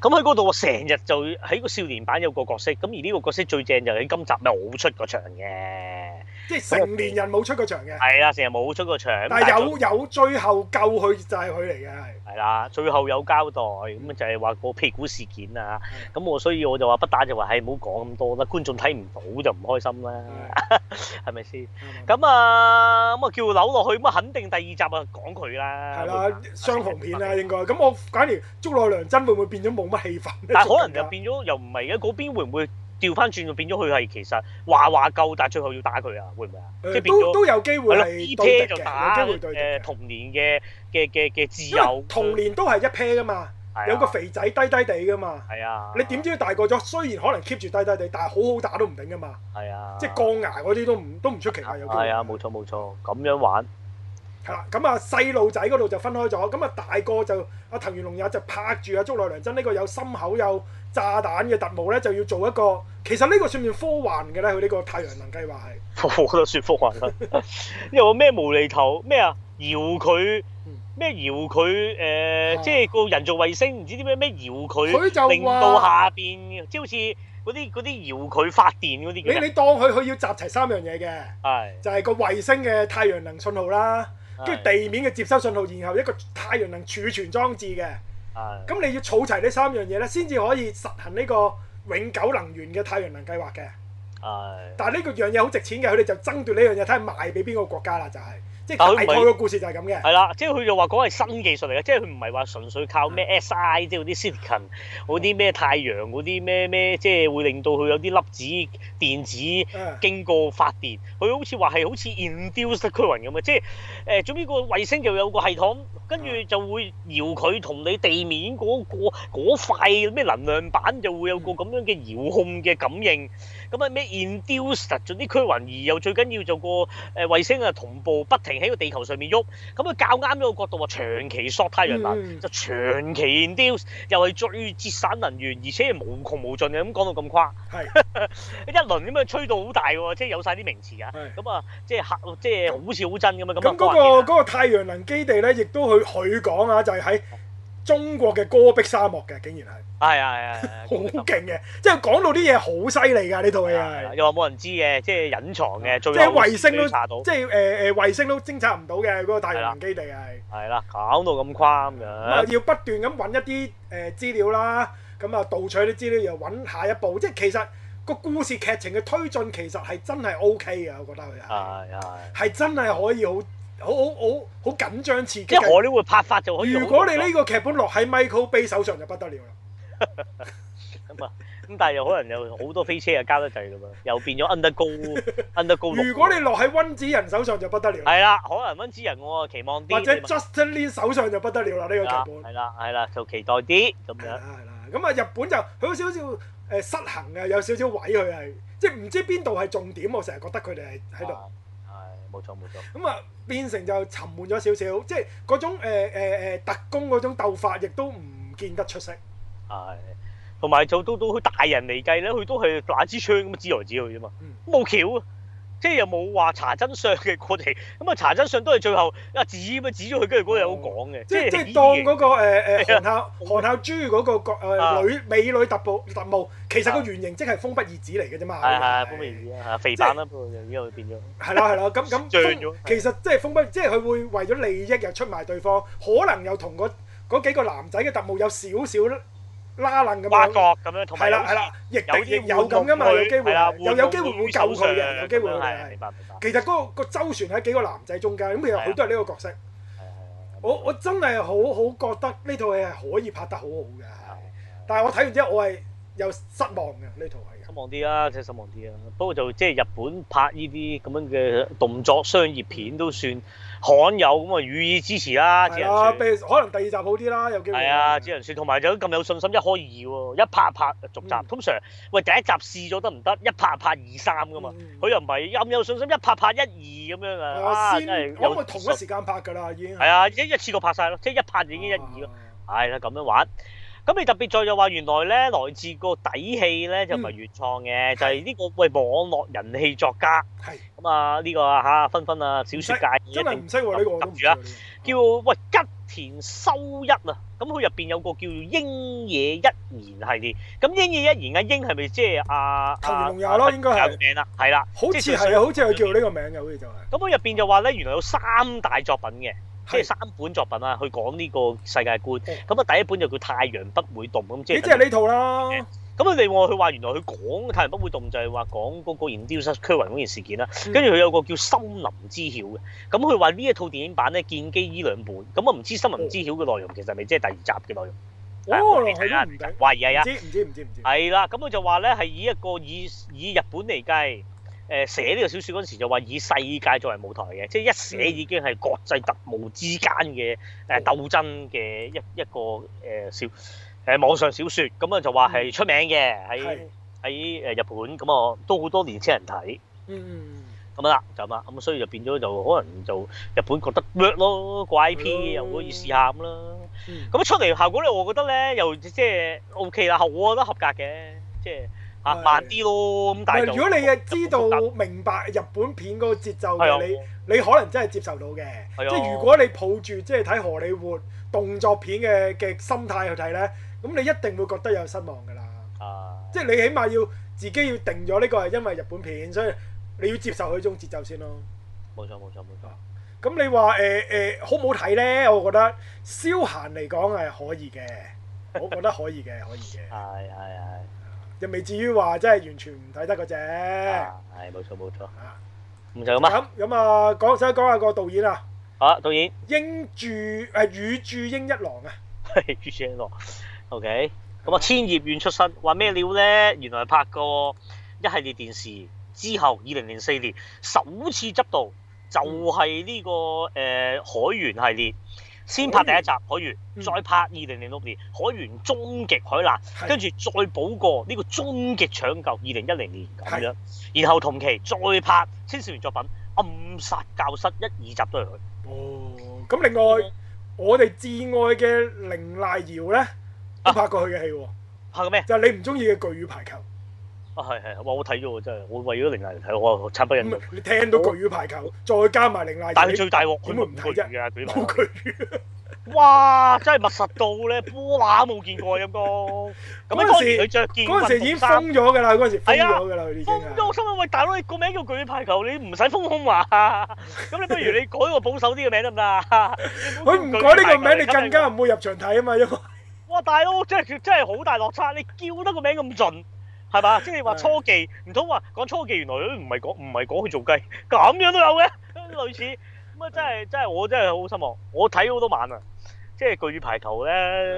Speaker 1: 咁喺嗰度喎，成日、嗯、就喺個少年版有個角色，咁而呢個角色最正就喺今集好出個場嘅。即係成年人冇出過場嘅，係啦，成日冇出過場。但係有
Speaker 2: 有最後救佢就係佢嚟嘅，係。係啦，
Speaker 1: 最後有交代咁就係話個屁股事件啊。咁我所以我就話不打就話係唔好講咁多啦，觀眾睇唔到就唔開心啦，係咪先？咁啊咁啊叫佢扭落去咁肯定第二集啊講佢啦。係啦，
Speaker 2: 雙雄片啦應該。咁我假如竹內涼真會唔會變咗冇乜氣氛？但可能
Speaker 1: 就變咗又唔係嘅嗰邊會唔會？調翻轉就變咗，佢係其實話話夠，但係最後要打佢啊，會唔會啊？都都、呃、有機會係對決嘅。都打有機會對決嘅、呃。自由。童
Speaker 2: 年都係一 pair 噶嘛，是啊、有個肥仔低低地噶嘛。係是啊。你點知佢大個咗？雖然可能 keep 住低低地，但係好好打都唔定噶嘛。係是啊即。即係鋼牙嗰啲都唔都唔出奇啊！有機會有。係啊，冇錯冇錯，咁樣玩。係啦，咁啊細路仔嗰度就分開咗，咁啊大個就阿藤原龍也就拍住阿竹內涼真呢、呢個有心口有。炸彈嘅特務咧就要做一個，其實呢個算唔算科幻嘅咧？佢呢個太陽能計劃係，
Speaker 1: [laughs] 我覺得算科幻啦。有個咩無厘頭咩啊？遙距咩遙距誒？呃、的即係個人造衛星唔知啲咩咩遙距，佢就令到下邊，即係好似嗰啲啲遙距發電嗰啲。你你
Speaker 2: 當佢佢要集齊三樣嘢嘅，係的就係個衛星嘅太陽能信號啦，跟住的地面嘅接收信號，然後一個太陽能儲存裝置嘅。咁你要儲齊呢三樣嘢咧，先至可以實行呢個永久能源嘅太陽能計劃嘅。但係呢個樣嘢好值錢嘅，佢哋就爭奪呢樣嘢，睇下賣俾邊個國家啦，就係。佢唔係個故事就係咁嘅。
Speaker 1: 係啦，即係佢就話講係新技術嚟嘅，即係佢唔係話純粹靠咩 Si、嗯、即係嗰啲 Silicon，嗰啲咩太陽嗰啲咩咩，即係會令到佢有啲粒子電子經過發電。佢、嗯、好似話係好似 induced current 咁嘅，即係誒總之個衛星就有個系統，跟住就會搖佢同你地面嗰、嗰個塊咩能量板就會有個咁樣嘅遙控嘅感應。咁啊咩 induce 實盡啲區雲，而又最緊要做個誒衛星啊同步不停喺個地球上面喐，咁佢校啱一個角度話長期索太陽能、嗯、就長期 induce，又係最節省能源，而且係無窮無盡嘅咁講到咁誇，係是 [laughs] 一輪咁樣吹到好大喎，即係有晒啲名詞啊，咁啊即係客即係好似好真咁啊咁。咁嗰
Speaker 2: 個太陽能基地咧，亦都去佢講啊，就係喺，中國嘅戈壁沙漠嘅，竟然係
Speaker 1: 係係係，
Speaker 2: 好勁嘅，即係講到啲嘢好犀利㗎呢套戲係，
Speaker 1: 又話冇人知嘅，即係隱藏嘅，即、啊、最後衛星都查到，啊、
Speaker 2: 即係誒誒衛星都偵察唔到嘅嗰個大型基地係，
Speaker 1: 係啦、啊啊，搞到咁誇張嘅，要
Speaker 2: 不斷咁揾一啲誒、呃、資料啦，咁啊盜取啲資料又揾下一步，即係其實個故事劇情嘅推進其實係真係 O K 嘅，我覺得佢係係真係可以好。好好好好緊張刺激，即係荷里活
Speaker 1: 嘅拍法就可以。如果你呢個
Speaker 2: 劇本落喺 Michael Bay 手上就不得了啦。
Speaker 1: 咁啊，咁但係又可能又好多飛車又交得滯咁樣， [laughs] 又變咗 Undergo [laughs] Undergo。 [laughs] 如果你落
Speaker 2: 喺温子仁手
Speaker 1: 上就不得了，了。係啦，可能温子仁我
Speaker 2: 期望啲，或者 Justin 問 Lin 手上就不得了啦呢了個劇本。
Speaker 1: 係啦，係啦，就期待啲咁樣。係啦，
Speaker 2: 咁啊日本就佢好少少誒失衡嘅，有少少位佢係即係唔知邊度係重點，我成日覺得佢哋係喺度。啊冇錯冇錯，咁啊變成就沉悶咗少少，即係嗰種誒誒、呃呃、特工嗰種鬥法，亦都唔見得出色。係、哎，
Speaker 1: 同埋就到到佢大人嚟計咧，佢都係攞支槍咁樣指來指去啫嘛，冇橋、嗯。即係又冇話查真相嘅，我哋咁啊查真相都係最後阿、啊、指指咗佢，跟住嗰日好講嘅。即即係當
Speaker 2: 嗰、嗰個誒誒韓孝韓孝珠嗰、嗰個個的、呃、女美女特務的特務，其實個原型即係風不二子嚟嘅啫嘛。係係、嗯、風，
Speaker 1: 風不二子嚇肥版啦，風不二子會變咗。係啦係啦，咁咁
Speaker 2: 其實即係風不即係佢會為咗利益又出賣對方，可能又同個嗰幾個男仔嘅特務有少少。拉楞咁樣，挖角咁樣，係啦係啦，亦亦有咁噶嘛，有機會，路又有機會會救佢嘅，樣有機會嘅，係。其實嗰、嗰個嗰個周旋喺幾個男仔中間，咁其實佢都係呢個角色。我我真係好好覺得呢套戲係可以拍得好好嘅，的但係我睇完之後我係有失望嘅呢套戲。失望啲啦、啊，真係失望啲啦。
Speaker 1: 不過就即係日本拍呢啲咁樣嘅動作商業片都算。罕有咁啊，予以支持啦！只能說，
Speaker 2: 可能第二集好啲啦，又叫係啊，
Speaker 1: 只能説，同埋就咁有信心一開二喎，一拍拍續集。通常喂第一集試咗得唔得？一拍拍二三噶嘛，佢又唔係咁有信心一拍拍一二咁樣啊！先，因為同一時
Speaker 2: 間拍㗎啦，已經係
Speaker 1: 啊，一一次過拍晒咯，即係一拍已經一二咯，係啦，咁樣玩。咁你特別在就話原來咧來自個底氣咧就唔係原創嘅，就係呢個喂網絡人氣作家，係咁啊呢個啊嚇，分分啊，小說界真係唔識喎呢個，等住啊，叫喂吉田修一啊，咁佢入邊有個叫鷹野一彥系列，咁鷹野一彥啊，英係咪即係阿阿藤原龍也咯？應該係，係啦，好似係啊，好似係叫呢個名嘅，好
Speaker 2: 似就係。
Speaker 1: 咁佢入邊就話咧，原來有三大作品嘅。即係三本作品啦，去講呢個世界觀。咁啊，第一本就叫《太陽不會動》咁，即係即係呢套啦。咁佢哋外佢話原來佢講《太陽不會動》就係話講嗰個然丟失區域嗰件事件啦。跟住佢有個叫《森林之曉》嘅、嗯。咁佢話呢一套電影版咧，建基依兩本。咁啊，唔知森林之曉嘅內,內容，其實咪即係第二集嘅內容？
Speaker 2: 哦，係啊家，係啊，唔知唔知唔知。
Speaker 1: 係啦，咁佢、嗯、就話咧，係以一個以以日本嚟計。誒寫呢個小説嗰陣時，就話以世界作為舞台嘅，即係一寫已經係國際特務之間嘅誒鬥爭嘅一一個誒小誒網上小説，咁啊就話係出名嘅喺喺誒日本，咁啊都好多年輕人睇，咁啊啦就咁啦，咁所以就變咗就可能就日本覺得弱咯，個 IP 又可以試下咁啦，咁、嗯、出嚟效果咧，我覺得咧又即係 OK 啦，我覺得合格嘅，即係。啊，慢啲咯咁大。唔係，如果
Speaker 2: 你係知道明白日本片嗰個節奏嘅對、哦、你，你可能真係接受到嘅。對哦、即係如果你抱住即係睇荷里活動作片嘅嘅心態去睇呢，咁你一定會覺得有失望㗎啦。對 即係你起碼要自己要定咗呢個係因為日本片，所以你要接受佢種節奏先咯。冇錯，
Speaker 1: 冇錯，冇錯。
Speaker 2: 咁、嗯、你話誒誒好唔好睇呢？我覺得消閒嚟講係可以嘅，我覺得可以嘅， [laughs] 可以嘅。係係係。又未至於話真係完全唔睇得嗰隻，係冇錯冇錯，唔就咁啦。咁咁啊，講先講下個導演啊，啊。好導演。英柱，誒宇柱英一郎啊。
Speaker 1: 係宇柱英一郎。OK，咁啊，是的 千葉縣出身，話咩料咧？原來拍過一系列電視之後，二零零四年首次執導就係呢、呢個誒、嗯呃、海猿系列。先拍第一集《海猿》嗯，再拍二零零六年《海猿終極海難》是，跟住再補過呢個終極搶救二零一零年咁樣，是然後同期再拍《青少年作品暗殺教室》一、二集都係佢。哦、嗯，
Speaker 2: 咁另外、嗯、我哋至愛嘅綾瀨遙呢，都拍過佢嘅戲喎、啊。拍過咩？就係你唔中意嘅《巨乳排球》。
Speaker 1: 啊，係係，哇！我睇咗喎，真係，我為咗零壓嚟睇，我啊慘不忍。唔係你聽到巨魚排
Speaker 2: 球，再加埋零壓。但係最大鑊，佢冇唔睇啫。巨魚，哇！真係密實
Speaker 1: 到咧，波乸都冇見過啊！咁講。嗰陣時佢著件，嗰時已經封咗㗎啦。嗰陣時封咗封咗，我心諗喂，大佬你個名叫巨魚排球，你唔使封空話。咁你不如你改個保守啲嘅名得唔得？佢唔改呢個名，你更加
Speaker 2: 唔會入場睇啊
Speaker 1: 嘛！因為，哇！大佬真係真係好大落差，你叫得個名咁盡。係嘛？即係話初技，唔通話講初技，原來都唔係講唔係講去做雞，咁樣都有嘅，類似咁啊！真係真係，我真係好失望。我睇咗好多晚啊，即係句子排圖咧，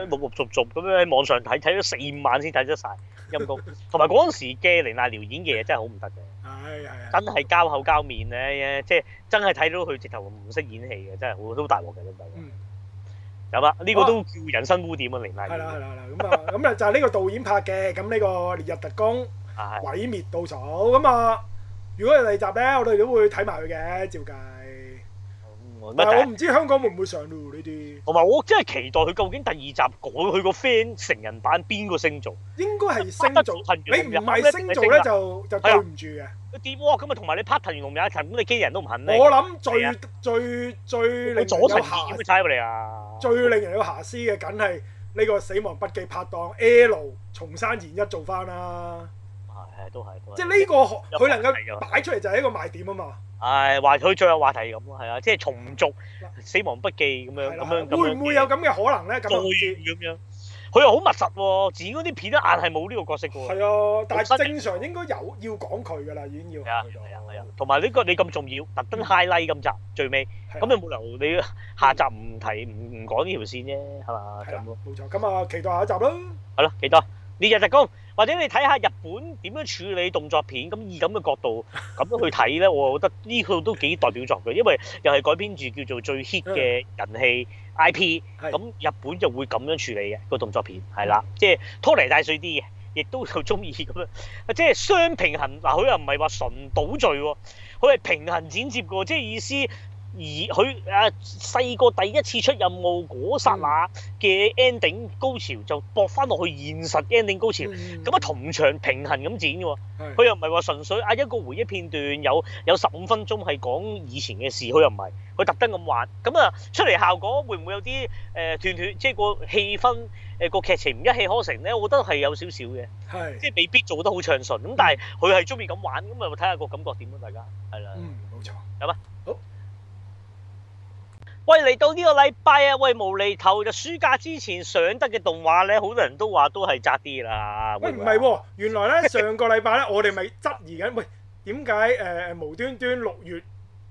Speaker 1: 陸陸續續咁樣喺網上睇，睇咗四五晚先睇得晒。陰功。同埋嗰陣時，謝玲娜演嘅嘢真係好唔得嘅，真係交口交面咧，即係真係睇到佢直頭唔識演戲嘅，真係好都大鑊嘅都唔係。有啦，呢、這個都叫人生污點啊！連麗。係啦係啦係啦，
Speaker 2: 咁啊，咁啊、 [laughs] 嗯、就係、是、呢個導演拍嘅，咁呢個烈日特工，毀滅倒數。咁、嗯、啊，如果係第二集咧，我哋都會睇埋佢嘅，照計、嗯。但係我唔知香港會唔會上路呢啲。同埋我真係期待佢究竟第二集改佢個 friend 成人版邊個星座。應該係星座，你唔係星座咧就就對唔
Speaker 1: 住嘅。跌哇！咁啊，同埋你 partner 完龍日一咁你基人都唔肯咩？我諗
Speaker 2: 最最最你左睇下，
Speaker 1: 點樣猜啊！
Speaker 2: 最令人有瑕疵嘅梗係呢個《死亡筆記》拍檔 L 松山研一做翻啦。係係都係，即係呢個佢能夠擺出嚟就係一個賣點啊嘛。
Speaker 1: 係話佢最有話題咁，係啊，即係重續《死亡筆記》咁樣咁樣。會唔會有
Speaker 2: 咁嘅可能咧？咁啊，咁樣。
Speaker 1: 佢又好密實喎、啊，自己嗰啲片硬係冇呢個角色㗎。係啊，
Speaker 2: 但係正常應該有要講佢㗎啦，已經要。係啊，係啊，係啊。
Speaker 1: 同埋呢個你咁重要，特登 highlight 咁集最尾，咁又冇理由你下集唔提唔唔講呢條線啫，係嘛？係啊，
Speaker 2: 冇錯。咁啊，期待
Speaker 1: 下一集咯。係咯，期待你日日講，或者你睇下日本點樣處理動作片，咁以咁嘅角度咁 [laughs] 去睇咧，我覺得呢套都幾代表作嘅，因為又係改編住叫做最 hit 嘅人氣。嗯 I.P. 咁是日本就會咁樣處理嘅這個動作片，係啦，即係拖泥帶水啲嘅，亦都好中意咁樣，即係雙平衡，嗱佢又唔係話純倒敍喎，佢係平衡剪接嘅喎，即係意思。而佢誒細個第一次出任務嗰剎那嘅 ending 高潮，就駁返落去現實 ending 高潮，咁啊、嗯嗯、同場平衡咁剪嘅喎。佢又唔係話純粹啊一個回憶片段有，有有十五分鐘係講以前嘅事，佢又唔係，佢特登咁玩。咁啊出嚟效果會唔會有啲誒、呃、斷斷，即、就、係、是、個氣氛誒個、呃、劇情唔一氣呵成咧？我覺得係有少少嘅，即係是未必做得好暢順。咁但係佢係中意咁玩，咁啊睇下個感覺點啦，大家。係啦，嗯，冇的錯，嗯嗯、好啊，好。喂，嚟到呢個禮拜啊，喂，無厘頭就暑假之前上得嘅動畫咧，好多人都話都係窄啲啦。喂，唔係
Speaker 2: 喎，原來咧上個禮拜咧，我哋咪質疑緊，喂，點解誒無端端六月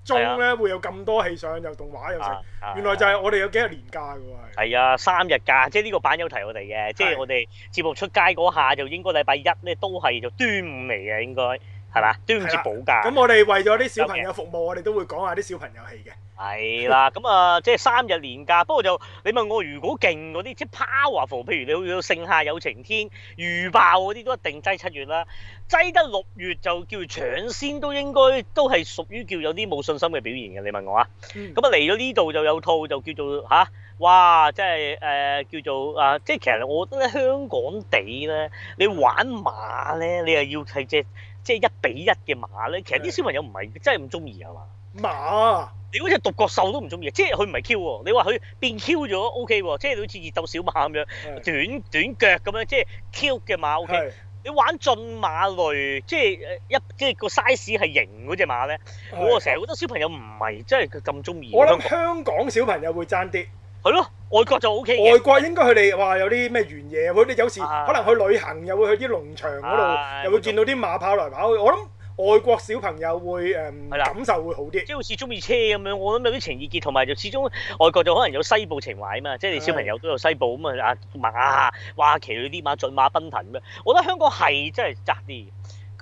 Speaker 2: 中咧會有咁多戲上又動畫又剩？原來就係我哋有幾日年假嘅
Speaker 1: 喎。係啊，三日假，即係呢個版友提我哋嘅，即係我哋節目出街嗰下就應該禮拜一咧都係做端午嚟嘅應該。係嘛，端午節補假咁，我哋為咗啲小朋友
Speaker 2: 服務，Okay. 我哋都會講下啲小朋友戲嘅。
Speaker 1: 係、嗯、啦，咁啊， [laughs] 即係三日年假。不過就你問我，如果勁嗰啲即係 powerful，譬如你要《盛夏有晴天》預爆嗰啲都係定擠七月啦，擠得六月就叫搶先，都應該都係屬於叫有啲冇信心嘅表現嘅。你問我啊，咁啊嚟咗呢度就有套就叫做吓、啊。哇，即係誒、呃、叫做啊，即係其實我覺得香港地咧，你玩馬咧，你又要係隻。即係一比一嘅馬咧，其實啲小朋友唔係的真係咁中意係嘛？
Speaker 2: 馬，
Speaker 1: 你嗰隻獨角獸都唔中意，即係佢唔係 Q 喎。你話佢變 Q 咗，OK 喎，即係好似熱鬥小馬咁樣，的短短腳咁樣，即係 Q 嘅馬 OK。的你玩駿馬類，即係一即係個 size 係型嗰隻馬咧，的我成日好多小朋友唔係真係
Speaker 2: 佢咁中意。我諗香港小朋友會爭啲。係咯，
Speaker 1: 外國就 OK。外國
Speaker 2: 應該佢哋話有啲咩原野，佢哋有時可能去旅行、啊、又會去啲農場嗰度，啊、又會見到啲馬跑來跑去。我諗外國小朋友會誒、嗯、係啦、感受會好啲，即係好似中意車咁
Speaker 1: 樣。我諗有啲情意結，同埋就始終外國就可能有西部情懷啊嘛。即係你小朋友都有西部咁啊，馬話騎住啲馬駿馬奔騰咁樣。我覺得香港係真係窄啲。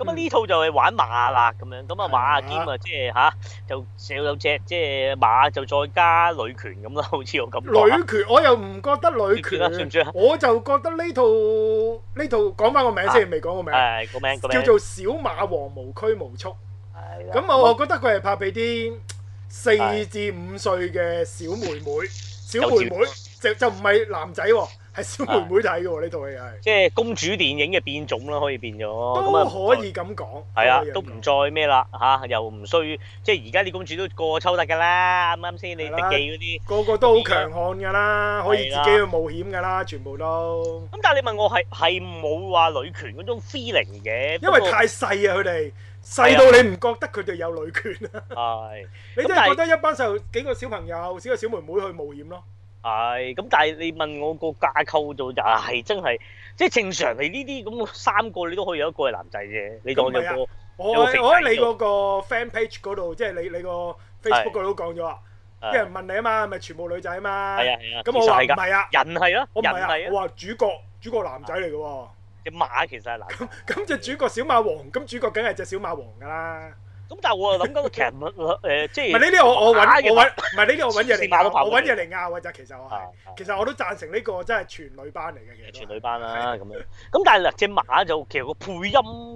Speaker 1: 咁啊呢套就係玩馬啦咁樣，咁啊馬啊兼啊即係吓，就少有隻即係馬，就再加女拳咁啦，好似我咁。女拳
Speaker 2: 我又唔覺得女拳，我就覺得呢套呢套講翻個名先，未講個名。
Speaker 1: 個名叫做《
Speaker 2: 小馬王：毛駒無束》。係。咁我我覺得佢係拍俾啲四至五歲嘅小妹妹，小妹妹就就唔係男仔。係小妹妹睇嘅喎，呢套戲
Speaker 1: 係。即係公主電影嘅變種啦，可以變咗。都可以
Speaker 2: 咁講。係啊，都
Speaker 1: 唔再咩啦嚇，又唔需即係而家啲公主都個個抽得㗎啦，啱唔啱先？你迪記
Speaker 2: 嗰啲。個個都好強悍㗎啦，可以自己去冒險㗎啦，全部都。
Speaker 1: 咁但係你問我係係冇話女權嗰種 feeling 嘅。因為太細啊，佢哋
Speaker 2: 細到你唔覺得佢哋有女權啊？係。你真係覺得一班細路幾個小朋友，幾個小妹妹去冒險咯？係，咁但係你問我個架
Speaker 1: 構就又係真係，即係正常。你呢啲咁三個你都可以有一個係男仔嘅，你講咗個，我喺我喺你嗰
Speaker 2: 個 fan page 嗰度，即係你你個 Facebook 嗰度都講咗，
Speaker 1: 啲人問
Speaker 2: 你啊嘛，咪全部女仔啊嘛，咁我話唔係啊，
Speaker 1: 人係啊，我唔係啊，我
Speaker 2: 話主角主角男仔嚟嘅喎，
Speaker 1: 隻馬其實係男，咁
Speaker 2: 咁隻主角小馬王，咁主角梗係隻小馬王㗎啦。咁但係我諗緊，其實唔即係呢啲我我揾我揾，唔係呢啲我揾嘢嚟拗，我揾嘢嚟拗嘅啫。其實我係，其實我都贊成呢個，真係全女班嚟
Speaker 1: 嘅嘢。全女班啦，咁樣。咁但係嗱，隻馬就其實個配音，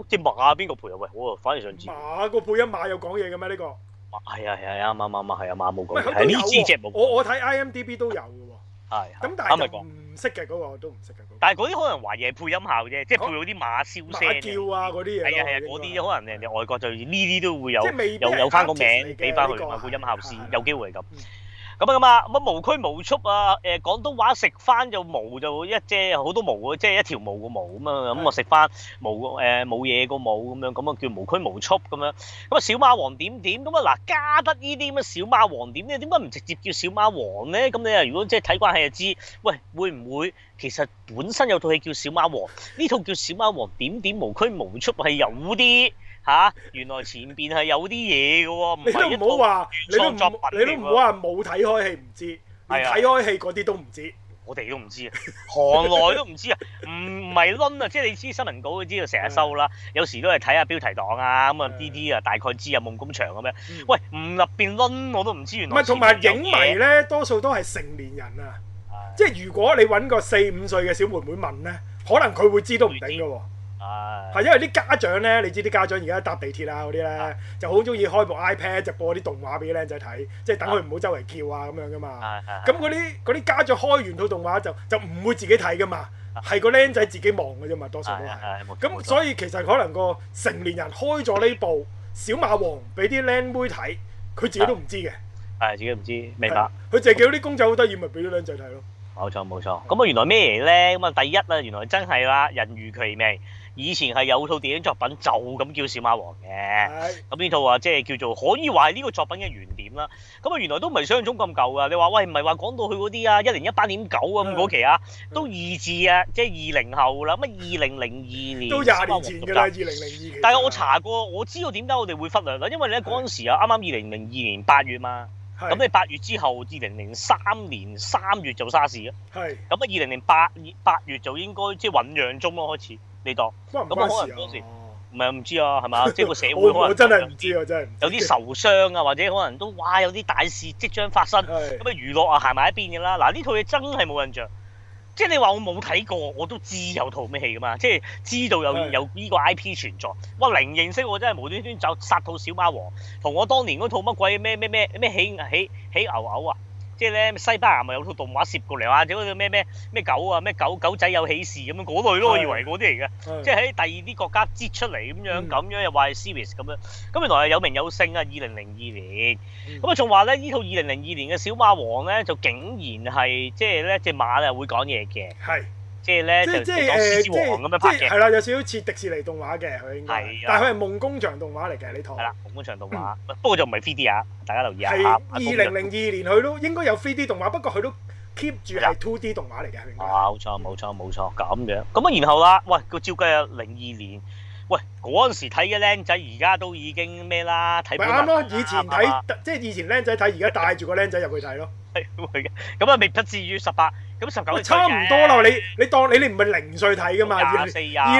Speaker 1: 節目，啊，邊個配啊？喂，我反而想知。馬
Speaker 2: 個配音馬有講嘢嘅咩？呢個？
Speaker 1: 係啊係啊，啱啱啱，係啊，馬冇講嘢。呢支嘢冇講。我我
Speaker 2: 睇 IMDB 都有嘅喎。係。咁但係。咪講？唔識嘅嗰個我都
Speaker 1: 唔識嘅，嗰個、但係嗰啲可能懷疑係配音效啫，啊、即係配嗰啲馬燒聲、啊啲，係啊係啊，嗰啲、啊啊、可能人哋外國就呢啲都會有，有有翻個名俾翻佢啊、呢個、配音效師，啊、有機會係咁。嗯。咁啊咁啊，乜無拘無束啊？誒廣東話食翻就毛就一隻好多毛喎，即係一條毛個毛咁啊！咁我食翻毛誒冇嘢個毛咁樣，咁啊叫無拘無束咁樣。咁啊小馬王點點咁啊嗱加得呢啲乜小馬王點點，啊，點解唔直接叫小馬王咧？咁你啊如果即係睇關係就知，喂會唔會其實本身有套戲叫小馬王？呢套叫小馬王點點無拘無束係有啲。吓、啊，原來前邊係有啲嘢嘅喎，你唔好
Speaker 2: 話，你都唔你的都唔好話冇睇開戲唔知，睇開戲嗰啲都唔知，我哋都唔知，行內都唔
Speaker 1: 知啊，唔唔係撚啊，即係你知新聞稿，知道成日收啦，嗯、有時都係睇下標題黨啊，咁啊呢啲啊大概知啊夢工場咁樣，的喂唔入邊撚我都唔
Speaker 2: 知，原來唔係同埋影迷咧，多數都係成年人啊，的即係如果你揾個四五歲嘅小妹妹問咧，可能佢會知都唔定嘅喎。係，因為啲家長咧，你知啲家長而家搭地鐵啊嗰啲咧，就好中意開部 iPad 就播啲動畫俾啲僆仔睇，即係等佢唔好周圍竄啊咁樣噶嘛。係咁嗰啲啲家長開完套動畫就就唔會自己睇噶嘛，係個僆仔自己望嘅啫嘛，多數都係。係咁所以其實可能個成年人開咗呢部《小馬王》俾啲僆妹睇，佢自己都唔知嘅。
Speaker 1: 係自己唔知，明白。佢淨係叫
Speaker 2: 啲公仔好得意，咪俾啲僆仔睇咯。
Speaker 1: 冇錯冇錯。咁啊，原來咩咧？咁啊，第一啦，原來真係啦，人如其名。以前係有套電影作品就咁叫《小馬王》嘅的，咁呢套啊，即係叫做可以話係呢個作品嘅原點啦。咁啊，原來都唔係想像中咁舊啊。你話喂，唔係話講到去嗰啲啊，一零一八點九咁嗰期啊，的都二字啊，即係二零後啦。乜二零零二年《 [laughs] 都廿年前㗎啦，二零零二。但係我查過，我知道點解我哋會忽略啦，因為咧嗰陣時啊，啱啱二零零二年八月嘛，咁的你八月之後，二零零三年三月就沙士啊，係咁啊，二零零八八月就應該即係醖釀中咯，開始。你當咁、啊、可能當時唔係唔知啊，係嘛？即係個社會可能真係唔知
Speaker 2: [laughs] 真係有啲
Speaker 1: 受傷啊，或者可能都哇有啲大事即將發生咁啊！的娛樂啊，行埋一邊嘅啦。嗱，呢套嘢真係冇印象，即係你話我冇睇過，我都知有套咩戲噶嘛。即、就、係、是、知道有的有呢個 I P 存在哇，零認識我真係無端端就殺套小馬王，同我當年嗰套乜鬼咩咩咩咩起起起牛牛啊！即係咧，西班牙咪有套動畫攝過嚟啊，仲咩咩咩狗啊，咩狗狗仔有喜事咁樣嗰類囉、啊、的我以為嗰啲嚟嘅，即係喺第二啲國家擠出嚟咁樣，咁樣又話係 series 咁樣，咁原來係有名有姓啊，二零零二年，咁啊仲話咧呢套二零零二年嘅小馬王咧，就竟然係即係咧隻馬啊會講嘢嘅。係。
Speaker 2: 即係咧，就講獅子王咁樣拍嘅，係啦，有少少似迪士尼動畫嘅，佢應該，但係佢係夢工場動畫嚟嘅呢套。係啦，夢工場動畫，不
Speaker 1: 過就唔係 3D 啊，大家留意下。係二零零二年佢
Speaker 2: 都應該有 3D 動畫，不過佢都 keep 住係 2D 動畫嚟嘅。冇
Speaker 1: 錯，冇錯，冇錯，咁樣咁啊，然後啦，喂，佢照計零二年，喂，嗰陣時睇嘅僆仔而家都已經咩啦？睇唔啱咯？以前睇，
Speaker 2: 即係以前僆仔睇，而家帶住個僆仔入去睇咯。會嘅，咁啊未不至於十八，咁十九差唔多啦。你你當你你唔係零歲睇噶嘛？二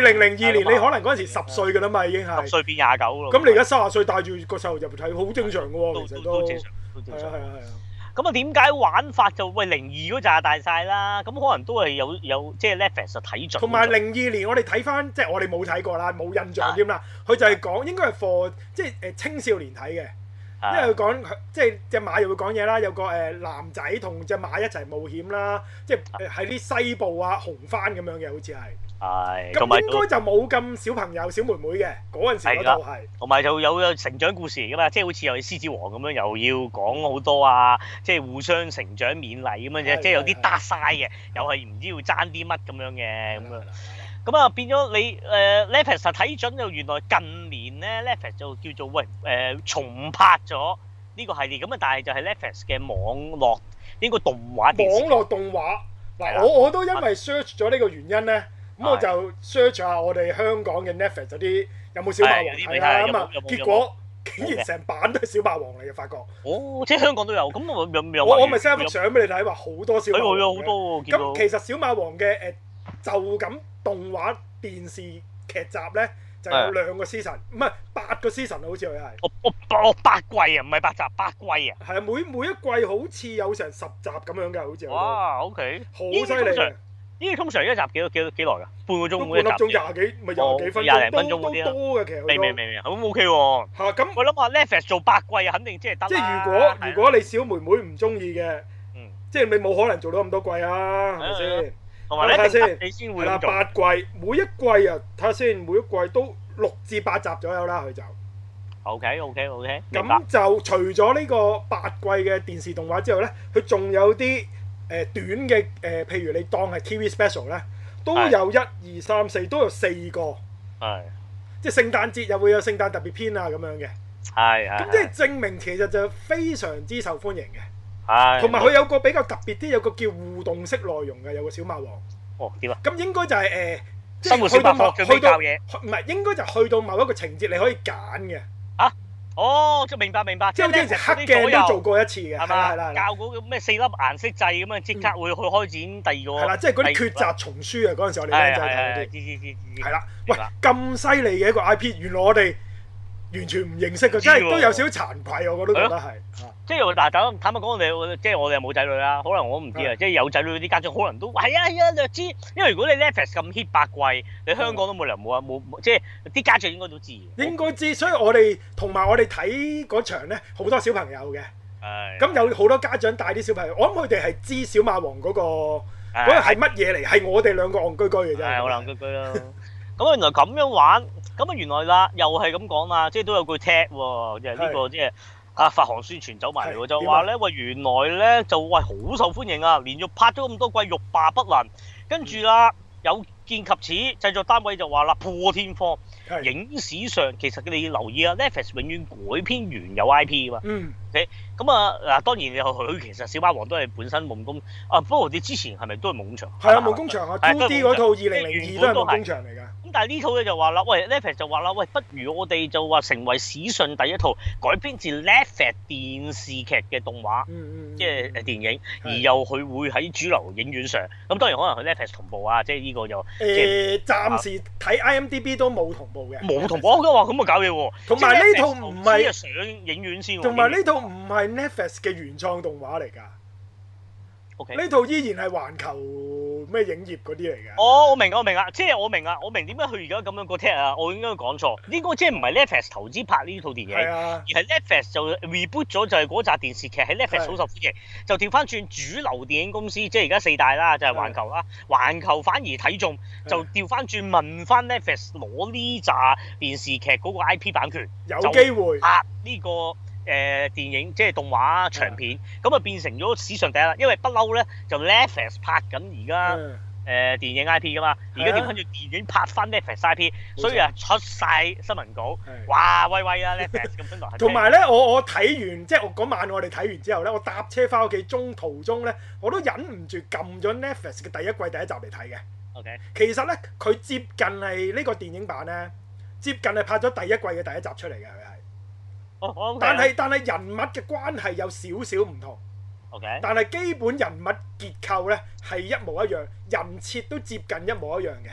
Speaker 2: 零零二年你可能嗰陣時十歲嘅啦嘛，已經
Speaker 1: 係。十歲變廿九咯。咁你
Speaker 2: 而家三十歲帶住個細路入去睇，好正常嘅喎，其實都。都正
Speaker 1: 常，係啊係啊咁啊，點解玩法就喂零二嗰紮大晒啦？咁可能都係有有即係 Netflix 睇咗。同埋零二年
Speaker 2: 我哋睇翻，即係我哋冇睇過啦，冇印象添啦。佢就係講應該係 for 即係誒青少年睇嘅。因為佢講即係隻馬又會講嘢啦，有個誒男仔同隻馬一齊冒險啦，即係喺啲西部啊、紅番咁樣嘅，好似係。係、哎。咁應該就冇咁小朋友、小妹妹嘅嗰陣時係、哎。
Speaker 1: 同埋就有有成長故事嚟㗎嘛，即係好似又獅子王咁樣，又要講好多啊，即係互相成長勉勵咁樣啫，即係有啲得晒嘅，又係唔知要爭啲乜咁樣嘅咁樣。咁啊，變咗你誒你睇準就原來近年。咧 Netflix 就叫做喂，誒重拍咗呢個系列咁啊，但係就係
Speaker 2: Netflix 嘅網絡呢個動畫電視。網絡動畫嗱，我我都因為 search 咗呢個原因咧，咁我就 search 下我哋香港嘅 Netflix 嗰啲有冇小馬王係啊咁啊，結果竟然成版都係小馬王嚟嘅，發覺哦，即係香港都有咁，我我我咪 send 相俾你睇，話好多小馬王。好多咁其實小馬王嘅誒就咁動畫電視劇集咧。就有兩個 season，唔係八個 season 啊，好似佢係。我我八季啊，唔係八集，八季啊，八季啊。係啊，每每一季好似有成十集咁樣㗎，好似。哇，OK。好犀利啊！
Speaker 1: 依通常一集幾多幾幾耐㗎？半個鐘半集。咁廿幾咪廿幾分？廿零分鐘嗰啲啊。多嘅其實沒沒沒沒沒。未未未。咁 OK 喎。咁。我諗啊，Netflix 做八季啊，肯定那即係得即係如果
Speaker 2: 如果你，、嗯、你小妹妹唔中意嘅，即係、嗯、你冇可能做到咁多季啊，係咪先？睇下先，係啦，八季，每一季啊，睇下先，每一季都六至八集左右啦。佢就
Speaker 1: ，OK，OK，OK。咁、okay, okay , okay,
Speaker 2: 就白除咗呢個八季嘅電視動畫之外咧，佢仲有啲誒、呃、短嘅誒、呃，譬如你當係 TV special 咧，都有一二三四，2, 3, 4, 都有四個。係的。即係聖誕節又會有聖誕特別篇啊，咁樣嘅。
Speaker 1: 係係的。咁即係
Speaker 2: 證明其實就非常之受歡迎嘅。同埋佢有個比較特別啲，有個叫互動式內容嘅，有個小馬王。哦，點啊？咁應該就係誒，生活小百科嘅教嘢。唔係，應該就去到某一個情節，你可以揀嘅。
Speaker 1: 啊？哦，明白明白。即係好似成日黑鏡都做過
Speaker 2: 一次嘅，係咪？教
Speaker 1: 嗰個咩四粒顏色掣咁啊，即刻會去開展第二個。係啦，即係嗰啲抉
Speaker 2: 擇叢書啊！嗰陣時我哋咧就睇嗰啲。係啦，喂，咁犀利嘅一個 IP，原來我哋完全唔認識嘅，即係都有少少慚愧，我覺得覺得係。即係我，但
Speaker 1: 係坦白講，哋，即係我哋有冇仔女啦？可能我都唔知啊。是的 即係有仔女嗰啲家長，可能都
Speaker 2: 係啊，啊、哎，略、哎、知。
Speaker 1: 因為如果你 Netflix 咁 hit 八季，你香港都冇理由冇啊冇即係啲家長應該都知。
Speaker 2: 應該知，所以我哋同埋我哋睇嗰場咧，好多小朋友嘅。咁是的 有好多家長帶啲小朋友，我諗佢哋係知小馬王嗰、嗰個嗰個係乜嘢嚟，係是的 我哋兩個戇居居嘅啫。係戇
Speaker 1: 居居咯。咁 [laughs] 原來咁樣玩，咁啊原來啦，來又係咁講啦，即係都有句 tag 喎，呢個、就係呢個即係。啊！發行宣傳走埋嚟喎，啊、就話咧，喂，原來咧就喂好受歡迎啊，連續拍咗咁多季，欲罷不能。跟住啊，有見及此製作單位就話啦，破天荒是影史上其實佢哋要留意啊，Netflix、嗯、永遠改編原有 IP 啊嘛。嗯。咁啊嗱，當然你佢其實《小馬王》都係本身夢工啊，不過你之前係咪都係嗎夢工場？係啊，夢工場啊，T V 套二零零二都係夢工場嚟㗎。但係呢套嘢就話啦，喂，Netflix 就話啦，喂，不如我哋就話成為史上第一套改編自 Netflix 電視劇嘅動畫，嗯、即係電影，而又佢會喺主流影院上。咁當然可能佢 Netflix 同步啊，即係呢個又誒，欸、暫時
Speaker 2: 睇 IMDB 都冇同步嘅，冇同步嘅話
Speaker 1: 咁咪搞嘢喎。同埋呢套唔係上
Speaker 2: 影院先，同埋呢套唔係 Netflix 嘅原創動畫嚟㗎。呢 Okay. 套依然係環球咩影業嗰啲嚟嘅？
Speaker 1: 哦、oh，我明我明啊，即係我明啊，我明點解佢而家咁樣個 take 啊！我，tech，我應該講錯，應該即係唔係 Netflix 投資拍呢套電影，啊、而係 Netflix 就 reboot 咗就係嗰集電視劇，喺 Netflix 好受歡迎，啊、就調翻轉主流電影公司，即係而家四大啦，就係、是、環球啦。環、啊、球反而睇中，就調翻轉問翻 Netflix 攞呢集電視劇嗰個 IP 版權，有機會呢個。誒、呃、電影即係動畫長片，咁啊 Yeah. 變成咗史上第一啦！因為不嬲咧，就 Netflix 拍緊而家誒電影 IP 噶嘛，而家點跟住電影拍翻 Netflix IP， [music] 所以啊出晒新聞稿， [music] 哇威威啦 Netflix 咁新浪。同埋
Speaker 2: 咧，我我睇完即係我嗰晚我哋睇完之後咧，我搭車翻屋企中途中咧，我都忍唔住撳咗 Netflix 嘅第一季第一集嚟睇嘅。OK，其實咧佢接近係呢個電影版咧，接近係拍咗第一季嘅第一集出嚟嘅，係咪？但係但係人物嘅關係有少少唔同，Okay? 但係基本人物結構咧係一模一樣，人設都接近一模一樣嘅。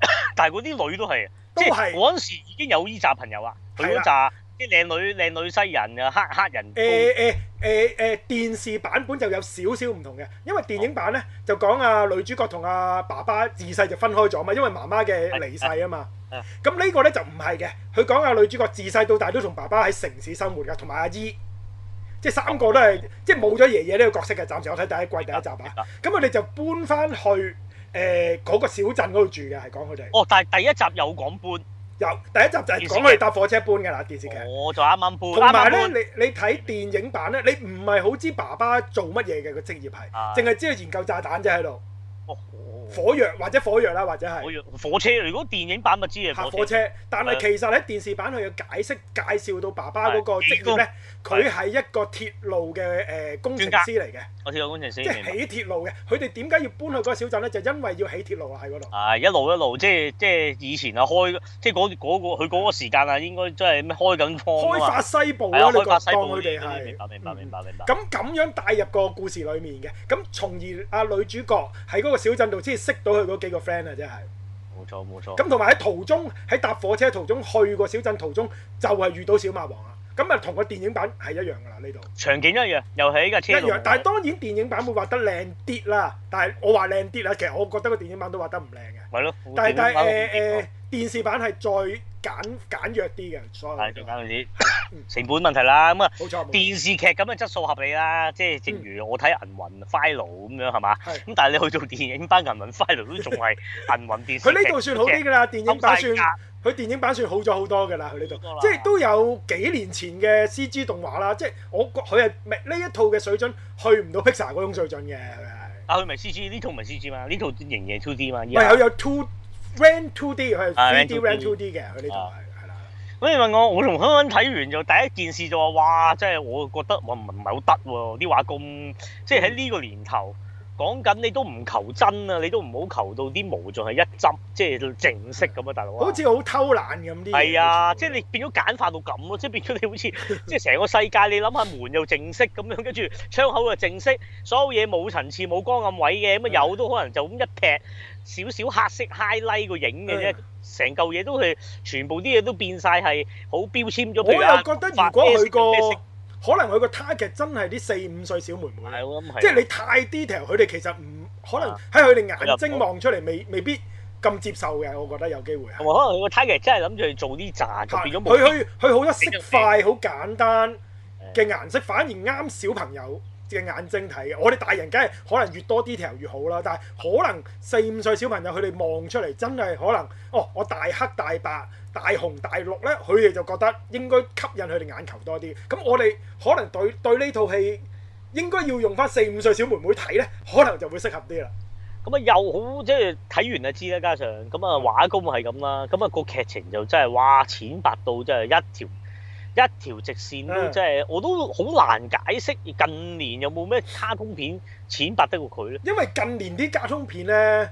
Speaker 2: [coughs] 但係嗰啲女都係是，都係嗰陣時已
Speaker 1: 經有呢扎朋友啦，佢扎的。啲靚女靚女西人啊，黑黑人誒誒
Speaker 2: 誒誒，電視版本就有少少唔同嘅，因為電影版咧、嗯、就講阿、啊、女主角同阿、啊、爸爸自細就分開咗嘛，因為媽媽嘅離世啊嘛。嗯嗯、啊！咁呢個咧就唔係嘅，佢講阿女主角自細到大都同爸爸喺城市生活噶，同埋阿姨，即係三個都係、嗯、即係冇咗爺爺呢個角色嘅。暫時我睇第一季第一集啊，咁佢哋就搬翻去誒嗰、呃嗰個小鎮嗰度住嘅，係講佢哋。哦、嗯，但係第一集有講搬。有第一集就係講我哋搭火車搬㗎啦，電視劇。我就啱啱搬。同埋咧，你你睇電影版咧，你唔係好知爸爸做乜嘢嘅個職業係，淨係的知佢研究炸彈啫喺度。哦火藥或者火藥啦，或者係火車。如果電影版唔知啊。下火車，但係其實喺電視版佢有解釋介紹到爸爸嗰個職業咧，佢係的一個鐵路嘅誒、呃、家工程師嚟嘅。
Speaker 1: 我鐵路工程師。即係起
Speaker 2: 鐵路嘅，佢哋點解要搬去嗰個小鎮咧？就是、因為要起鐵路啊，喺嗰度。
Speaker 1: 係一路一路，即係即係以前啊，開即係嗰、那個佢嗰、那個那個時間啊，應該即係咩開緊放。開發西部啊！的你講當佢哋係。明白明白明白明
Speaker 2: 白。咁咁、嗯、樣帶入個故事裡面嘅，咁從而啊女主角喺嗰個小鎮度先。識到佢嗰幾個 friend 啊，真係冇錯冇錯。咁同埋喺途中喺搭火車途中去過小鎮途中就係遇到小馬王啊。咁啊同個電影版係一樣噶啦，呢度
Speaker 1: 場景一樣，又喺架車度。一樣，樣但係
Speaker 2: 當然電影版會畫得靚啲啦。但係我話靚啲啦，其實我覺得個電影版都畫得唔靚
Speaker 1: 嘅。係咯。但係但係誒誒
Speaker 2: 電視版係最。簡簡約啲嘅，
Speaker 1: 所以係做簡單啲，成 [laughs] 本問題啦。咁、嗯、啊，冇錯，電視劇咁嘅質素合理啦，嗯、即係正如我睇銀雲快樂咁樣係嘛？咁、嗯、吧但係你去做電影版銀雲快樂都仲係銀雲電視，佢呢套算好啲㗎啦，就
Speaker 2: 係、電影版算佢電影版算好咗好多㗎啦，佢呢度即係都有幾年前嘅 CG 動畫啦。即係我覺得佢係呢一套嘅水準去唔到 Pixar 嗰種水準嘅。
Speaker 1: 係咪啊，佢唔係 CG 呢套唔係 CG 嘛？呢套仍然係 2D 嘛？咪有
Speaker 2: 有2 Ran two D 佢，three D Ran two D 嘅佢呢度，係
Speaker 1: 係啦。咁你問我，我同香啱睇完就第一件事就話，哇！即係我覺得我唔唔係好得喎，啲畫工，即係喺呢個年頭。嗯講緊你都唔求真啊！你都唔好求到啲毛仲係一執，即係淨色咁啊！大佬，好似
Speaker 2: 好偷懶咁啲嘢。係啊，
Speaker 1: 即係你變咗簡化到咁咯，即係變咗你好似即係成個世界，你諗下門又淨色咁樣，跟住窗口又淨色，所有嘢冇層次、冇光暗位嘅，咁啊、嗯、有都可能就咁一劈，少少黑色 highlight、嗯、個影嘅啫，成嚿嘢都係全部啲嘢都變晒係好標籤咗。譬如我又覺得如果去個。
Speaker 2: 可能佢個 target 真係啲四五歲小妹妹，嗯、即係你太 detail，佢哋其實唔可能喺佢哋眼睛望出嚟的，未未必咁接受嘅。我覺得有機會。
Speaker 1: 同埋可能佢個 target 真係諗住做啲炸，
Speaker 2: 的變佢佢好多色塊，好簡單嘅顏色，的反而啱小朋友。嘅眼睛睇，我哋大人梗係可能越多 detail 越好啦，但係可能四五歲小朋友佢哋望出嚟，真係可能哦，我大黑大白大紅大綠咧，佢哋就覺得應該吸引佢哋眼球多啲。咁我哋可能對對呢套戲應該要用翻四五歲小妹妹睇咧，可能就會適合啲啦。咁啊，又
Speaker 1: 好即係睇完就知啦，加上咁啊，畫工係咁啦，咁啊，個劇情就真係哇淺白到真係一條。一條直線都真係，嗯、我都好難解釋。近年有冇咩卡通片淺白得過佢咧？因為近年啲卡通片咧，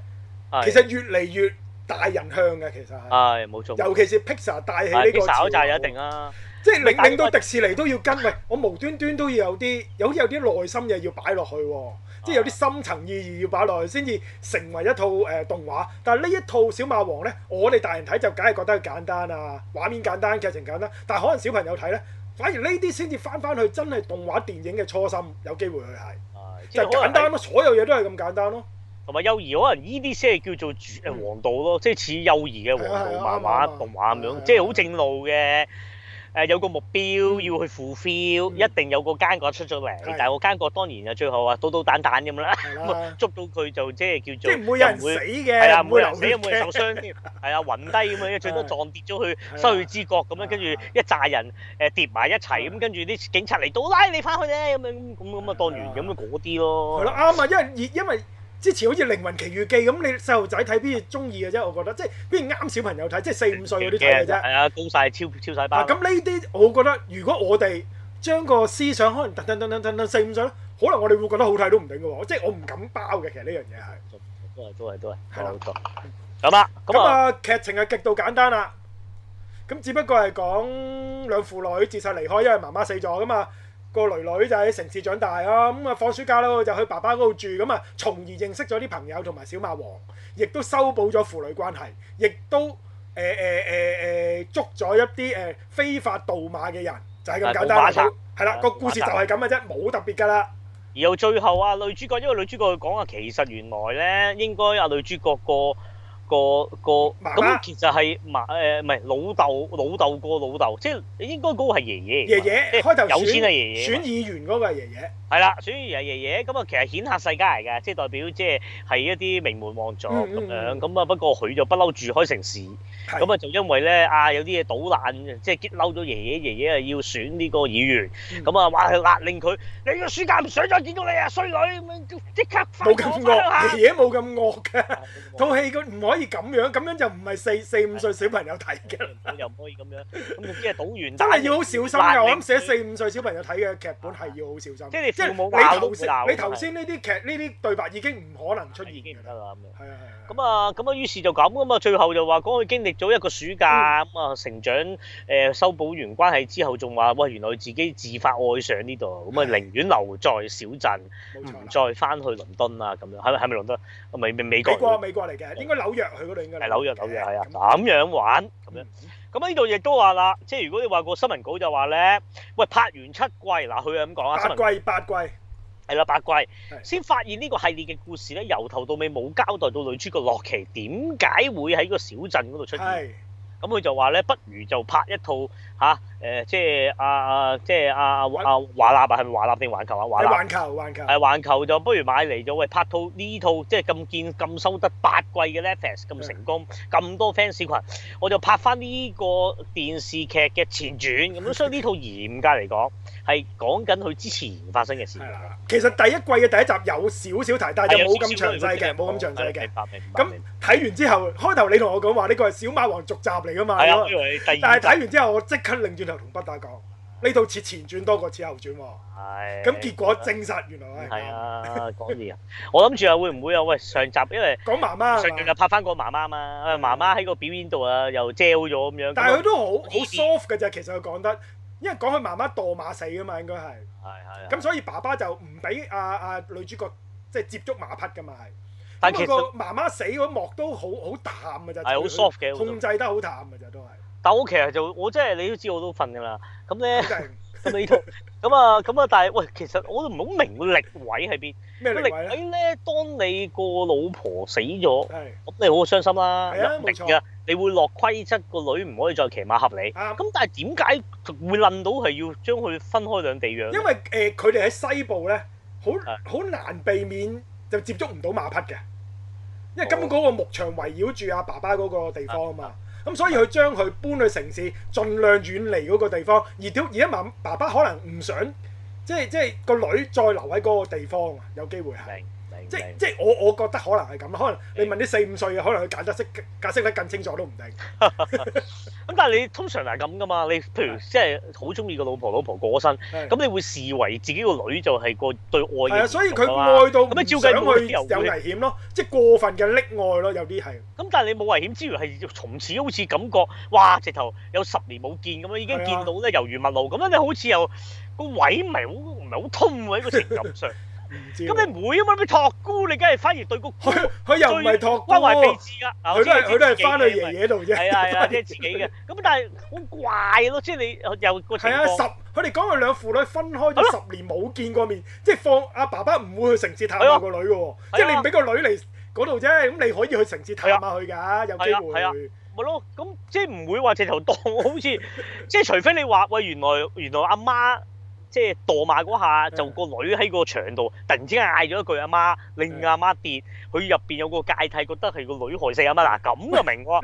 Speaker 2: 其實越嚟越大人向嘅，其實係。係冇、哎、錯。尤其是 Pixar 帶起呢個潮流就、哎、一定啦、啊，即係令令到迪士尼都要跟。但喂，我無端端都要有啲，有啲有啲內心嘢要擺落去喎。即係有啲深層意義要擺落去先至成為一套誒、呃、動畫，但係呢一套小馬王呢，我哋大人睇就梗係覺得佢簡單啊，畫面簡單，劇情簡單。但係可能小朋友睇呢，反而呢啲先至翻翻去真係動畫電影嘅初心，有機會去係就簡單,簡單咯，所有嘢都係咁簡單咯。
Speaker 1: 同埋幼兒可能呢啲先係叫做主誒王道咯，即係似幼兒嘅王道漫畫動畫咁樣，嗯嗯嗯、即係好正路嘅。嗯嗯嗯嗯誒有個目標要去 fulfill，一定有個奸角出咗嚟。但係個奸角當然就最後啊，到到蛋蛋咁啦，咁捉到佢就即係叫做，即係唔會有人死嘅，係啊，唔會有人死，唔會有人受傷添。係啊，暈低咁啊，因為最多撞跌咗去失去知覺咁樣，跟住一紮人誒跌埋一齊，咁跟住啲警察嚟到
Speaker 2: 拉你返去咧，咁樣咁咁啊，當完咁啊嗰啲咯。係咯，啱啊，因為因為。之前好似《靈魂奇遇記》咁，你細路仔睇邊啲鍾意嘅啫？我覺得即係邊啱小朋友睇，即係四五歲嗰啲睇嘅啫。係啊，高晒，超超晒包。咁呢啲我覺得，如果我哋將個思想可能等等等等噔噔，四五歲咧，可能我哋會覺得好睇都唔定嘅喎。即係我唔敢包嘅。其實呢樣嘢係。都係都係都係。係老實。咁啊咁啊，劇情係極度簡單啦。咁只不過係講兩父女自殺離開，因為媽媽死咗噶嘛。個女女就喺城市長大咯，咁啊、嗯、放暑假咯就去爸爸嗰度住，咁啊從而認識咗啲朋友同埋小馬王，亦都修補咗父女關係，亦都誒誒誒誒捉咗一啲誒、欸、非法盜馬嘅人，就係、是、咁簡單，冇係啦，個故事就係咁嘅啫，冇
Speaker 1: 特別㗎喇。然後最後啊，女主角因為女主角佢講啊，其實原來咧應該啊女主角個。個個咁其實係誒唔係老豆老豆個老豆，即係應該嗰個係爺爺。爺爺開頭選選議員嗰個係爺爺。係啦，選議員爺爺咁啊，其實顯赫世家嚟嘅，即係代表即係係一啲名門望族咁樣。咁啊，不過佢就不嬲住開城市，咁啊就因為咧啊有啲嘢搗爛，即係激嬲咗爺爺。爺爺啊要選呢個議員，咁啊話係勒令佢你
Speaker 2: 個暑假唔想再見到你啊衰女，咁即刻翻屋企冇咁惡，爺爺冇咁惡噶，套戲佢唔可以。咁樣咁樣就唔係四四五歲小朋友睇嘅的，又唔可以
Speaker 1: 咁樣。咁即係賭完真係要好小心㗎。 [laughs] 我諗寫
Speaker 2: 四五歲小朋友睇嘅劇本係要好小心。的即係你，即係你頭先，你頭先呢啲劇呢啲對白已經唔可能出現㗎啦。係啊，係啊。
Speaker 1: 咁啊，咁啊，於是就咁啊，最後就話講佢經歷咗一個暑假，咁啊成長，誒修補完關係之後，仲話喂，原來自己自發愛上呢度，咁啊寧願留在小鎮，唔再翻去倫敦啊咁樣，係咪係咪倫敦？唔係唔係美國。美國
Speaker 2: 美國嚟嘅，應該紐約去嗰度應該。係紐約紐約
Speaker 1: 係啊，咁樣玩咁樣。咁啊呢度亦都話啦，即係如果你話個新聞稿就話咧，喂拍完七季，嗱佢係咁講啊？新八季八季。係啦，八怪的先發現呢個系列嘅故事咧，由頭到尾冇交代到女主角洛奇點解會喺個小鎮嗰度出現，咁佢的就話咧，不如就拍一套。嚇！誒，即係阿即係阿阿華納啊，係咪華納定環球啊？華納環球，環球誒環球，就不如買嚟咗喂，拍套呢套，即係咁見咁收得八季嘅 Netflix 咁成功咁多 fans 羣，我就拍翻呢個電視劇嘅前傳咁，所以呢套嚴格嚟講係講緊佢之前發生嘅事。
Speaker 2: 其實第一季嘅第一集有少少提，但係冇咁詳細嘅，冇咁詳細嘅。咁睇完之後，開頭你同我講話呢個係小馬王續集嚟㗎嘛？係啊，因為第但係睇完之後，我即。佢擰轉頭同不打講，呢套似前傳多過似後傳喎。咁結果證實原來係。係啊，
Speaker 1: 講啲啊。我諗住啊，會唔會有喂，上集因為講媽媽，上集又拍翻個媽媽啊嘛。誒，媽媽喺個表演度啊，又焦咗咁樣。但係佢
Speaker 2: 都好好 soft 㗎咋。其實佢講得。因為講佢媽媽墮馬死啊嘛，應該係。係係。咁所以爸爸就唔俾阿阿女主角即係接觸馬匹㗎嘛係。但係其實媽媽死嗰幕都好好淡㗎啫。係好 soft 嘅，控制得好淡㗎咋，都
Speaker 1: 係。但我其實，就我真係，你都知我都瞓㗎啦。咁咧，咁呢套咁啊，咁啊，但係喂，其實我都唔好明力位喺邊。咩力位咧？當你個老婆死咗，咁是你好傷心啦，明㗎，你會落規則個女唔可以再騎馬合理。咁、啊、但係點解會諗到係要將佢分開兩地養？因
Speaker 2: 為誒，佢哋喺西部咧，好好、啊、難避免就接觸唔到馬匹嘅，因為根本嗰個牧場圍繞住阿爸爸嗰個地方啊嘛。啊咁、嗯、所以佢將佢搬去城市，盡量遠離嗰個地方。而而家嘛爸爸可能唔想，即係即係個女再留喺嗰個地方，有機會係。即即我我覺得可能係咁，可能你問啲四五歲嘅，可能佢解釋解釋得更清楚都唔定。咁 [laughs] [laughs] 但係你通常係
Speaker 1: 咁噶嘛？你譬如即係好中意個老婆，老婆過咗身，咁是的 你會視為自己個女就
Speaker 2: 係個對
Speaker 1: 愛。係所以佢愛到咁唔想佢有危險
Speaker 2: 咯，即係過分嘅溺愛咯，有啲係。
Speaker 1: 咁 [laughs] 但係你冇危險之餘，係從此好似感覺，哇！直頭有十年冇見咁樣，已經見到咧，如是的 魚陌路咁樣，你好似又個位唔係好唔係好通喎，喺、這個情感上。 [laughs] 咁你唔會啊嘛？你託孤，你梗係反而對個佢，佢又唔係託孤咯，佢都佢都係翻去爺爺度啫，係啊係啊，即係自己嘅。咁但係好怪咯，即係你又個情況。係啊，十
Speaker 2: 佢哋講佢兩父女分開咗十年冇見過面，即係放阿爸爸唔會去城市探下個女喎，即係你唔俾個女嚟嗰度啫，咁你可以去城市探下佢㗎，有機會。係啊係咪咯，咁即係唔會話直頭當好似，
Speaker 1: 即係除非你話喂，原來原來阿媽。即係墮馬嗰下，就個女喺個牆度，突然之間嗌咗一句阿媽，令阿媽跌。佢入邊有個芥蒂，覺得係個女害死阿媽嗱，咁就明喎。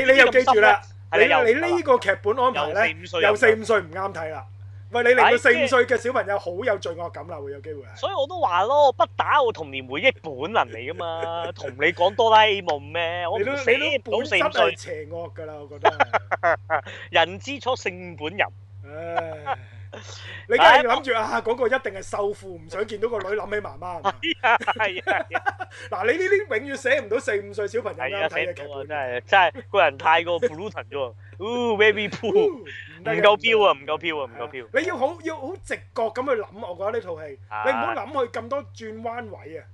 Speaker 1: 你你又記住啦，你你呢個劇本安
Speaker 2: 排咧，有四五歲唔啱睇啦。喂，你令到四五歲嘅小朋友好有罪惡感啦，會有機會。
Speaker 1: 所以我都話咯，不打我童年回憶本能嚟噶嘛，同你講哆啦 A 夢
Speaker 2: 咩？我唔寫，老四五邪惡噶啦，我覺
Speaker 1: 得。人
Speaker 2: 之初，性本淫。
Speaker 1: 你梗係要諗住啊，
Speaker 2: 嗰、那個一定係瘦父，唔想見到個女，諗起媽媽係嗱， [laughs] 你呢啲永遠寫唔到四
Speaker 1: 五歲小朋友。係啊，寫唔到啊，真係真係個人太過 blue tone 啫咗，very blue 唔夠 feel 啊，唔夠 feel 啊，唔夠 feel
Speaker 2: 你要好要好直覺咁去諗。我覺得呢套戲，你唔好諗佢咁多轉彎位啊，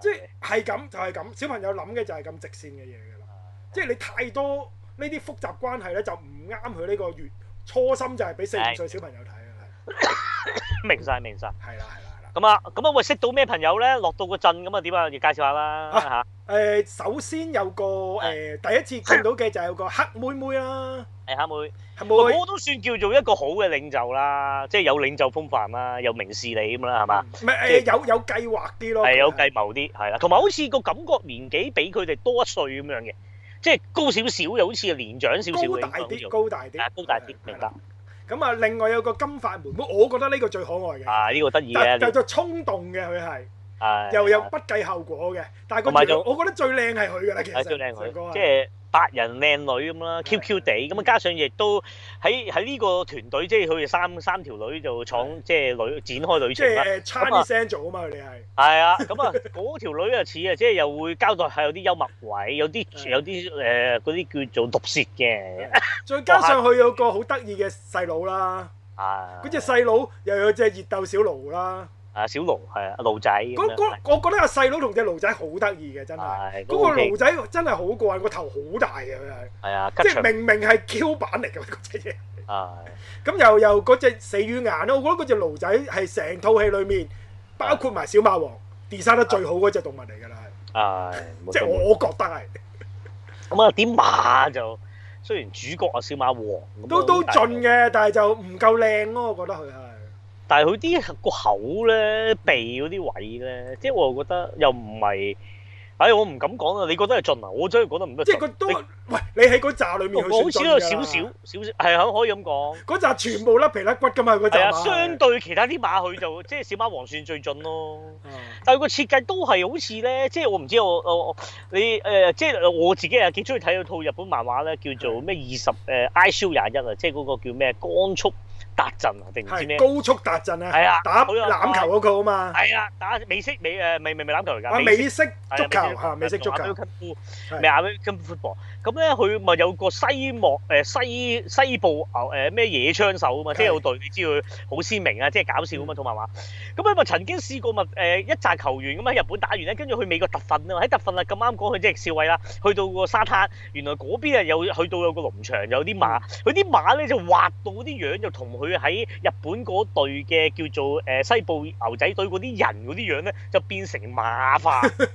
Speaker 2: 即係係咁就係咁、就是就是，小朋友諗嘅就係咁直線嘅嘢噶啦，即係、啊、你太多呢啲複雜關係咧，就唔啱佢呢個月初心就係俾四五歲小朋友睇。哎明晒，
Speaker 1: 明晒，係啦係啦係啦。咁啊，咁啊，會識到咩朋友咧？落到個陣咁啊，點啊？要介紹下啦
Speaker 2: 吓。誒，首先有個誒，第一次見到嘅就有個黑妹妹啦。
Speaker 1: 誒，黑妹妹，我都算叫做一個好嘅領袖啦，即係有領袖風範啦，又明事理咁啦，係嘛？唔係誒，有有計劃啲咯，係有計謀啲，係啦。同埋好似個感覺年紀比佢哋多一歲咁樣嘅，即係高少少又好似年長少少嘅咁樣。高大啲，高
Speaker 2: 大啲，係高大啲，明白。咁啊，另外有個金髮妹，我覺得呢個最可愛嘅。呢、啊
Speaker 1: 呢個得意咧。但係就
Speaker 2: 衝動嘅佢係，
Speaker 1: 啊、又有
Speaker 2: 不計後果嘅。但係嗰個，我覺得最靚係佢㗎啦，其實。係最靚佢。即係。就係
Speaker 1: 白人靚女咁啦，Q Q 地咁啊，的加上亦都喺喺呢個團隊，即係佢哋三三條女就闖即係的女展開旅程啦。咁差啲聲
Speaker 2: 做啊嘛，佢哋係。
Speaker 1: 係啊的，咁啊， [laughs] 嗰條女啊似啊，即係又會交代係有啲幽默鬼，有啲的有啲誒嗰啲叫做毒舌嘅。
Speaker 2: 再的加上佢有個好得意嘅細佬啦，嗰隻細佬又有隻熱鬥小奴啦。
Speaker 1: 阿小鹿係阿路仔，
Speaker 2: 我覺得阿細佬同隻鹿仔好得意嘅，真係。嗰個鹿仔真係好怪，癮，個頭好大嘅。佢係。
Speaker 1: 係啊，即係明
Speaker 2: 明係 Q 版嚟嘅嗰隻嘢。係。咁又又嗰隻死魚眼咯，我覺得嗰隻鹿仔係成套戲裡面，包括埋小馬王 design、哎、得最好嗰隻動物嚟㗎啦。係、
Speaker 1: 哎。即係我覺得係。咁、哎、啊，啲馬就雖然主角阿小馬王，都都，都盡
Speaker 2: 嘅，但係就唔夠靚咯、啊，我覺得佢係。
Speaker 1: 但係佢啲個口咧、鼻嗰啲位咧，即係我又覺得又唔係，哎，我唔敢講啊！你覺得係盡啊，我真係覺得唔得。即係佢都，你喂，你喺嗰紮裏面都好似盡㗎。少少少少，係肯、啊、可以咁講。
Speaker 2: 嗰紮全部甩皮甩骨㗎嘛，嗰紮馬。相
Speaker 1: 對其他啲馬，佢 [laughs] 就即係小馬王算最盡咯。 [laughs] 但係個設計都係好似咧，即係我唔知我我,我,我你誒、呃，即係我自己又幾中意睇嗰套日本漫畫咧，叫做咩二十誒 I show 廿一啊，21，即係嗰個叫咩光速。達陣定唔知咩？高速達陣啊，啊係啊，打欖球嗰個啊嘛，係啊，打美式美誒，美、呃啊、美美欖球
Speaker 2: 嚟㗎，美式足球吓，美式足
Speaker 1: 球，啊、美式 football 咁咧，佢咪、嗯、有個西莫誒西西部牛誒咩野槍手啊嘛，即係有隊，你知佢好鮮明啊，即係搞笑啊嘛，同埋話。咁佢咪曾經試過咪誒、呃、一紮球員咁喺日本打完咧，跟住去美國特訓啊嘛，喺特訓啊咁啱講佢即係少尉啦，去到個沙灘，原來嗰邊啊有去到有個農場，有啲馬，佢啲、嗯、馬咧就畫到啲樣就同佢喺日本嗰隊嘅叫做誒、呃、西部牛仔隊嗰啲人嗰啲樣咧，就變成馬化，咁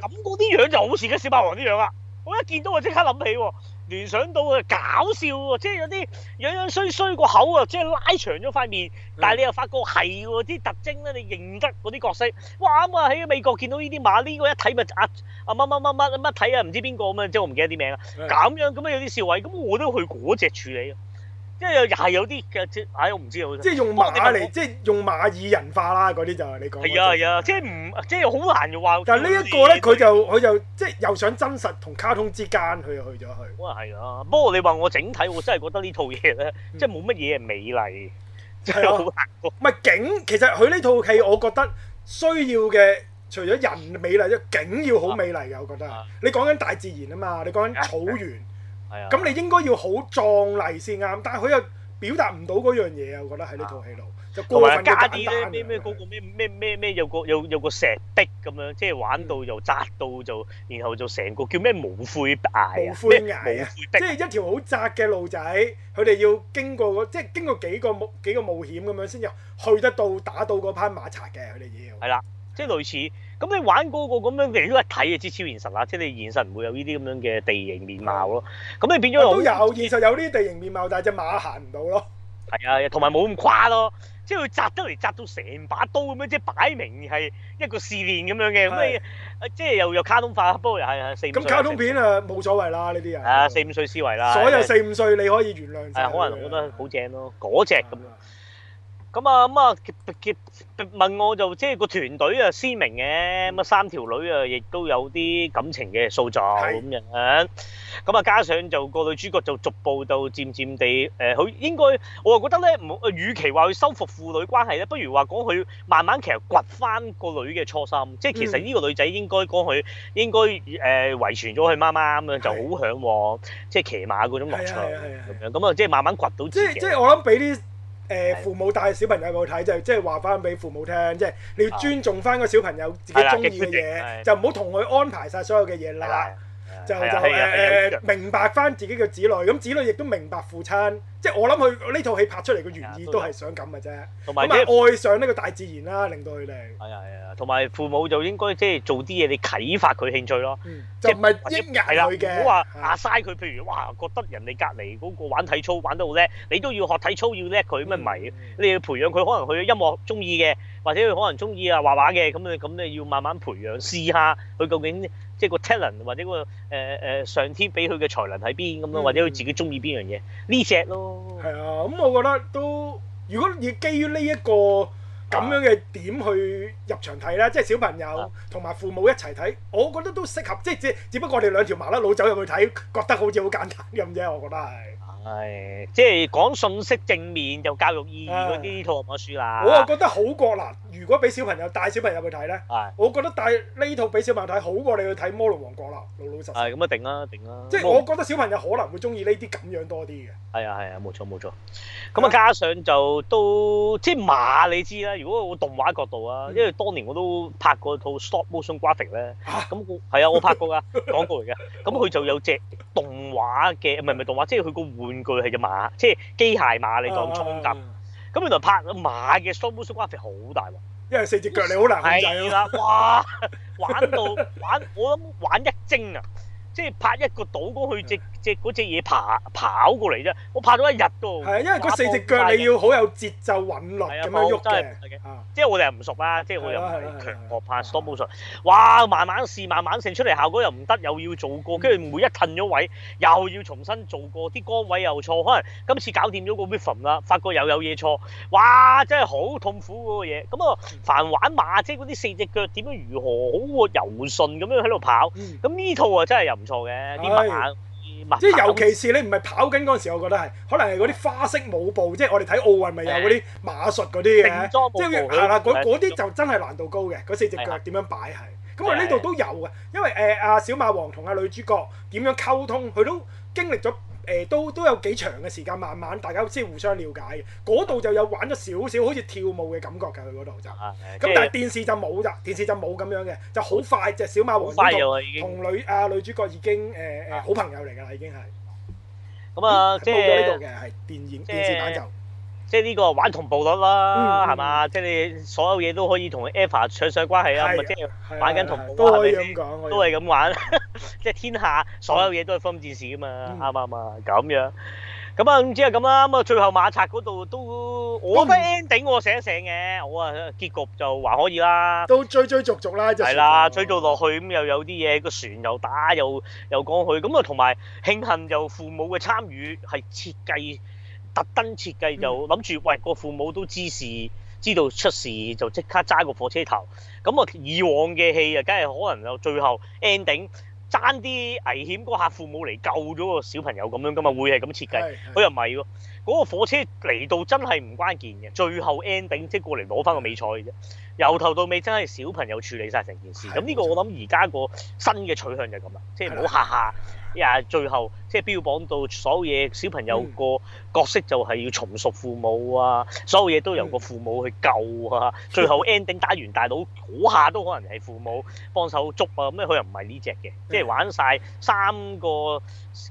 Speaker 1: 嗰啲樣就好似嘅小霸王啲樣啦。我一見到我即刻諗起喎、喔，聯想到啊搞笑喎、喔，即係有啲樣樣衰衰個口喎，即係拉長咗塊面，嗯、但係你又發覺係喎，啲特徵咧，你認得嗰啲角色，哇咁啊！喺、嗯、美國見到呢啲馬，呢個一睇咪啊，阿乜乜乜乜乜睇啊，唔知邊個咁啊，即係我唔記得啲名啊，咁、嗯、樣咁樣有啲笑位，咁我都去嗰隻處理。
Speaker 2: 即係又係有啲嘅，哎、
Speaker 1: 即係我唔知啊！即係用馬嚟，即
Speaker 2: 係用馬擬人化啦，嗰啲就係你講。係啊係啊，即係唔即係好難嘅話。但係呢一個咧，佢對就佢就即係又想真實同卡通之間，佢又去咗去。咁啊啊，
Speaker 1: 不過你話我整體，我真係覺得呢套嘢咧，嗯、即係冇乜嘢美麗，係
Speaker 2: 咯、嗯。唔係、啊、景，其實佢呢套戲我覺得需要嘅，除咗人美麗，即係景要好美麗嘅。我覺得、啊、你講緊大自然啊嘛，你講緊草原。啊啊啊咁你應該要好壯麗先啱，但係佢又表達唔到嗰樣嘢啊！我覺得喺呢套戲度、啊、就過分加啲咧咩咩嗰個
Speaker 1: 咩咩咩咩，有個有有個石壁咁樣，即係玩到又窄是的 到就，然後就成個叫咩無悔崖啊，無悔、啊無啊、即
Speaker 2: 係一條好窄嘅路仔，佢哋要經過即係經過幾個冒幾個冒險咁樣先至去得到打到嗰班馬賊嘅，佢哋要
Speaker 1: 係啦。即係類似，咁你玩嗰個咁樣，亦都一睇就知超現實啦，即係你現實唔會有呢啲咁樣嘅地形面貌咯。咁、嗯、你變咗我都有現實有
Speaker 2: 啲地形面貌，但係隻馬行唔
Speaker 1: 到咯。係啊，同埋冇咁誇咯，即係佢扎得嚟扎到成把刀咁樣，即係擺明係一個試煉咁樣嘅咁你，即係又有卡通化，不過又係四五歲咁卡通
Speaker 2: 片啊，冇所謂啦呢啲人。啊，四五歲思維啦。所有四五歲你可以原諒。係、啊、可能我覺得好正咯，嗰隻咁樣。
Speaker 1: 咁啊咁啊，問我就即係個團隊啊，鮮明嘅咁啊，三條女啊，亦都有啲感情嘅塑造咁樣。咁啊，加上就個女主角就逐步到漸漸地誒，佢、呃、應該我啊覺得咧，唔誒，與其話去修復父女關係咧，不如話講佢慢慢其實掘翻個女嘅初心。嗯、即係其實呢個女仔應該講佢應該誒、呃、遺傳咗佢媽媽咁樣是就好嚮往，即係騎馬嗰種樂趣咁樣。咁啊，即係慢慢掘到自己的。即即我
Speaker 2: 諗俾啲。呃、父母帶小朋友去睇就即係話翻俾父母聽，即係你要尊重翻個小朋友自己中意嘅嘢，啊、就唔好同佢安排晒所有嘅嘢啦。啊、就就、啊、明白翻自己嘅子女，咁子女亦都明白父親。即係我諗佢呢套戲拍出嚟嘅原意都係想咁嘅啫，同埋即愛上呢個大自然啦，令到佢哋。係啊係
Speaker 1: 啊，同埋父母就應該即係做啲嘢嚟啟發佢興趣咯。嗯、就唔係抑壓佢嘅，好話、啊、阿曬佢。的譬如哇，覺得人哋隔離嗰個玩體操玩得好叻，你都要學體操要叻佢咩唔係？你要培養佢，可能佢音樂中意嘅，或者佢可能中意啊畫畫嘅咁啊咁，你要慢慢培養試下佢究竟即係、就是、個 talent 或者、個誒誒、呃、上天俾佢嘅才能喺邊咁樣，或者佢自己中意邊樣嘢
Speaker 2: 呢隻咯。係啊，咁、嗯、我覺得都，如果以基於呢、這、一個咁樣嘅點去入場睇咧，啊、即係小朋友同埋父母一齊睇，我覺得都適合。即係只，只不過我哋兩條麻甩佬走入去睇，覺得好似好簡單咁啫。我覺得係。係、哎，
Speaker 1: 即係講信息正面就教育意義嗰啲套乜書啦。哎、有有我又覺
Speaker 2: 得好過啦。如果俾小朋友帶小朋友去睇咧，我覺得帶呢套俾小朋友睇好過你去睇《魔龍王國》啦，老老
Speaker 1: 實實。咁啊，一定啦、啊，定啦。即係、哦、我覺得
Speaker 2: 小朋友可能會中意呢啲咁樣多啲
Speaker 1: 嘅。係啊，係啊，冇錯冇錯。咁啊，加上就都即係馬，你知啦。如果我動畫角度啊，嗯、因為當年我都拍過套《Stop Motion Graphic、啊》咧，咁係啊，我拍過噶廣告嚟嘅。咁佢就有隻動畫嘅，唔係唔係動畫，即係佢個玩具係隻馬，即係機械馬你當沖咁原來拍馬嘅雙波蘇蛙肥好大喎、啊，因為四隻腳你好難控制咯，哇！玩到 [laughs] 玩，我諗玩一精啊～即係拍一個倒光，去隻隻嗰隻嘢爬跑過嚟啫。我拍咗一日都，
Speaker 2: 係啊，因為嗰四隻腳你要好有節奏韻律咁樣喐真
Speaker 1: 嘅，即係我哋又唔熟啦，即係我又唔係強學拍 stop motion。哇，慢慢試，慢慢成出嚟效果又唔得，又要做過，跟住每一褪咗位又要重新做過，啲崗位又錯，可能今次搞掂咗個 rhythm 啦，發覺又有嘢錯，哇！真係好痛苦嗰個嘢。咁啊，凡玩馬即係嗰啲四隻腳點樣如何好活柔順咁樣喺度跑。咁呢套啊真係又～唔錯嘅啲物體，
Speaker 2: 即係尤其是你唔係跑緊嗰陣時，我覺得係可能係嗰啲花式舞步，即係我哋睇奧運咪有嗰啲馬術嗰啲嘅，欸、即係行啦嗰啲就真係難度高嘅，嗰四隻腳點樣擺係，咁啊呢度都有嘅，因為誒阿、呃、小馬王同阿女主角點樣溝通，佢都經歷咗。誒都都有幾長嘅時間，慢慢大家即係互相了解嘅。嗰度就有玩咗少少，好似跳舞嘅感覺㗎。佢嗰度就咁，但係電視就冇啦。電視就冇咁樣嘅，就好快就小馬王同女啊女主角已經誒誒好朋友嚟㗎啦，已經係
Speaker 1: 咁啊！即咗呢度嘅係電影電視版就即係呢個玩同步率啦，係嘛？即係你所有嘢都可以同 Eva 扯上關係啊，即係玩緊同步都可以。咁講，都係咁玩。即係天下所有嘢都係分戰士噶嘛，啱唔啱啊？咁、嗯、樣咁啊，咁只係咁啦。咁啊，最後馬賊嗰度都我個 ending 我醒醒嘅，我啊結局就還可以啦。
Speaker 2: 都追追續續啦，就係算啦，
Speaker 1: 追到落去咁、嗯、又有啲嘢個船又打又又過去咁啊，同埋慶幸就父母嘅參與係設計特登設計，就諗住喂個父母都知事知道出事就即刻揸個火車頭咁啊，以往嘅戲啊，梗係可能就最後 ending。爭啲危險嗰個客父母嚟救咗個小朋友咁樣噶嘛，會係咁設計？佢又唔係喎，嗰個火車嚟到真係唔關鍵嘅，最後 ending 即係過嚟攞翻個尾彩嘅啫。由頭到尾真係小朋友處理晒成件事。咁呢的個我諗而家個新嘅取向就係咁啦，的即係唔好下下。最後，即係標榜到所有嘢，小朋友個角色就係要從屬父母啊，所有嘢都由個父母去救啊。 [laughs] 最後 ending 打完大佬，嗰下都可能係父母幫手捉啊。咩佢又唔係呢隻嘅，即係玩晒三個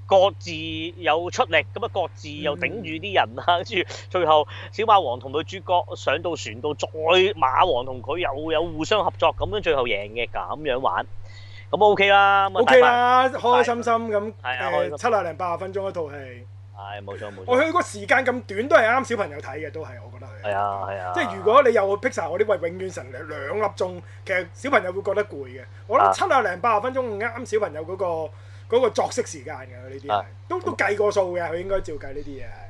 Speaker 1: 各自有出力，咁啊各自又頂住啲人啊，跟住 [laughs] 最後小馬王同佢主角上到船度，再馬王同佢又有互相合作，咁樣最後贏嘅咁樣玩。咁 OK 啦就，OK 啦，
Speaker 2: 開開心心咁誒，的七十零八十分鐘一套戲，係冇錯
Speaker 1: 冇錯。我去個
Speaker 2: 時間咁短都係啱小朋友睇嘅，都係我覺
Speaker 1: 得係。係啊係啊，即係如
Speaker 2: 果你又 Pixar，我啲喂永遠成兩粒鐘，其實小朋友會覺得攰嘅。我諗七十零八十分鐘啱小朋友嗰、嗰個嗰個作息時間㗎，呢啲的的都都計過數嘅，佢應該照計呢啲嘢。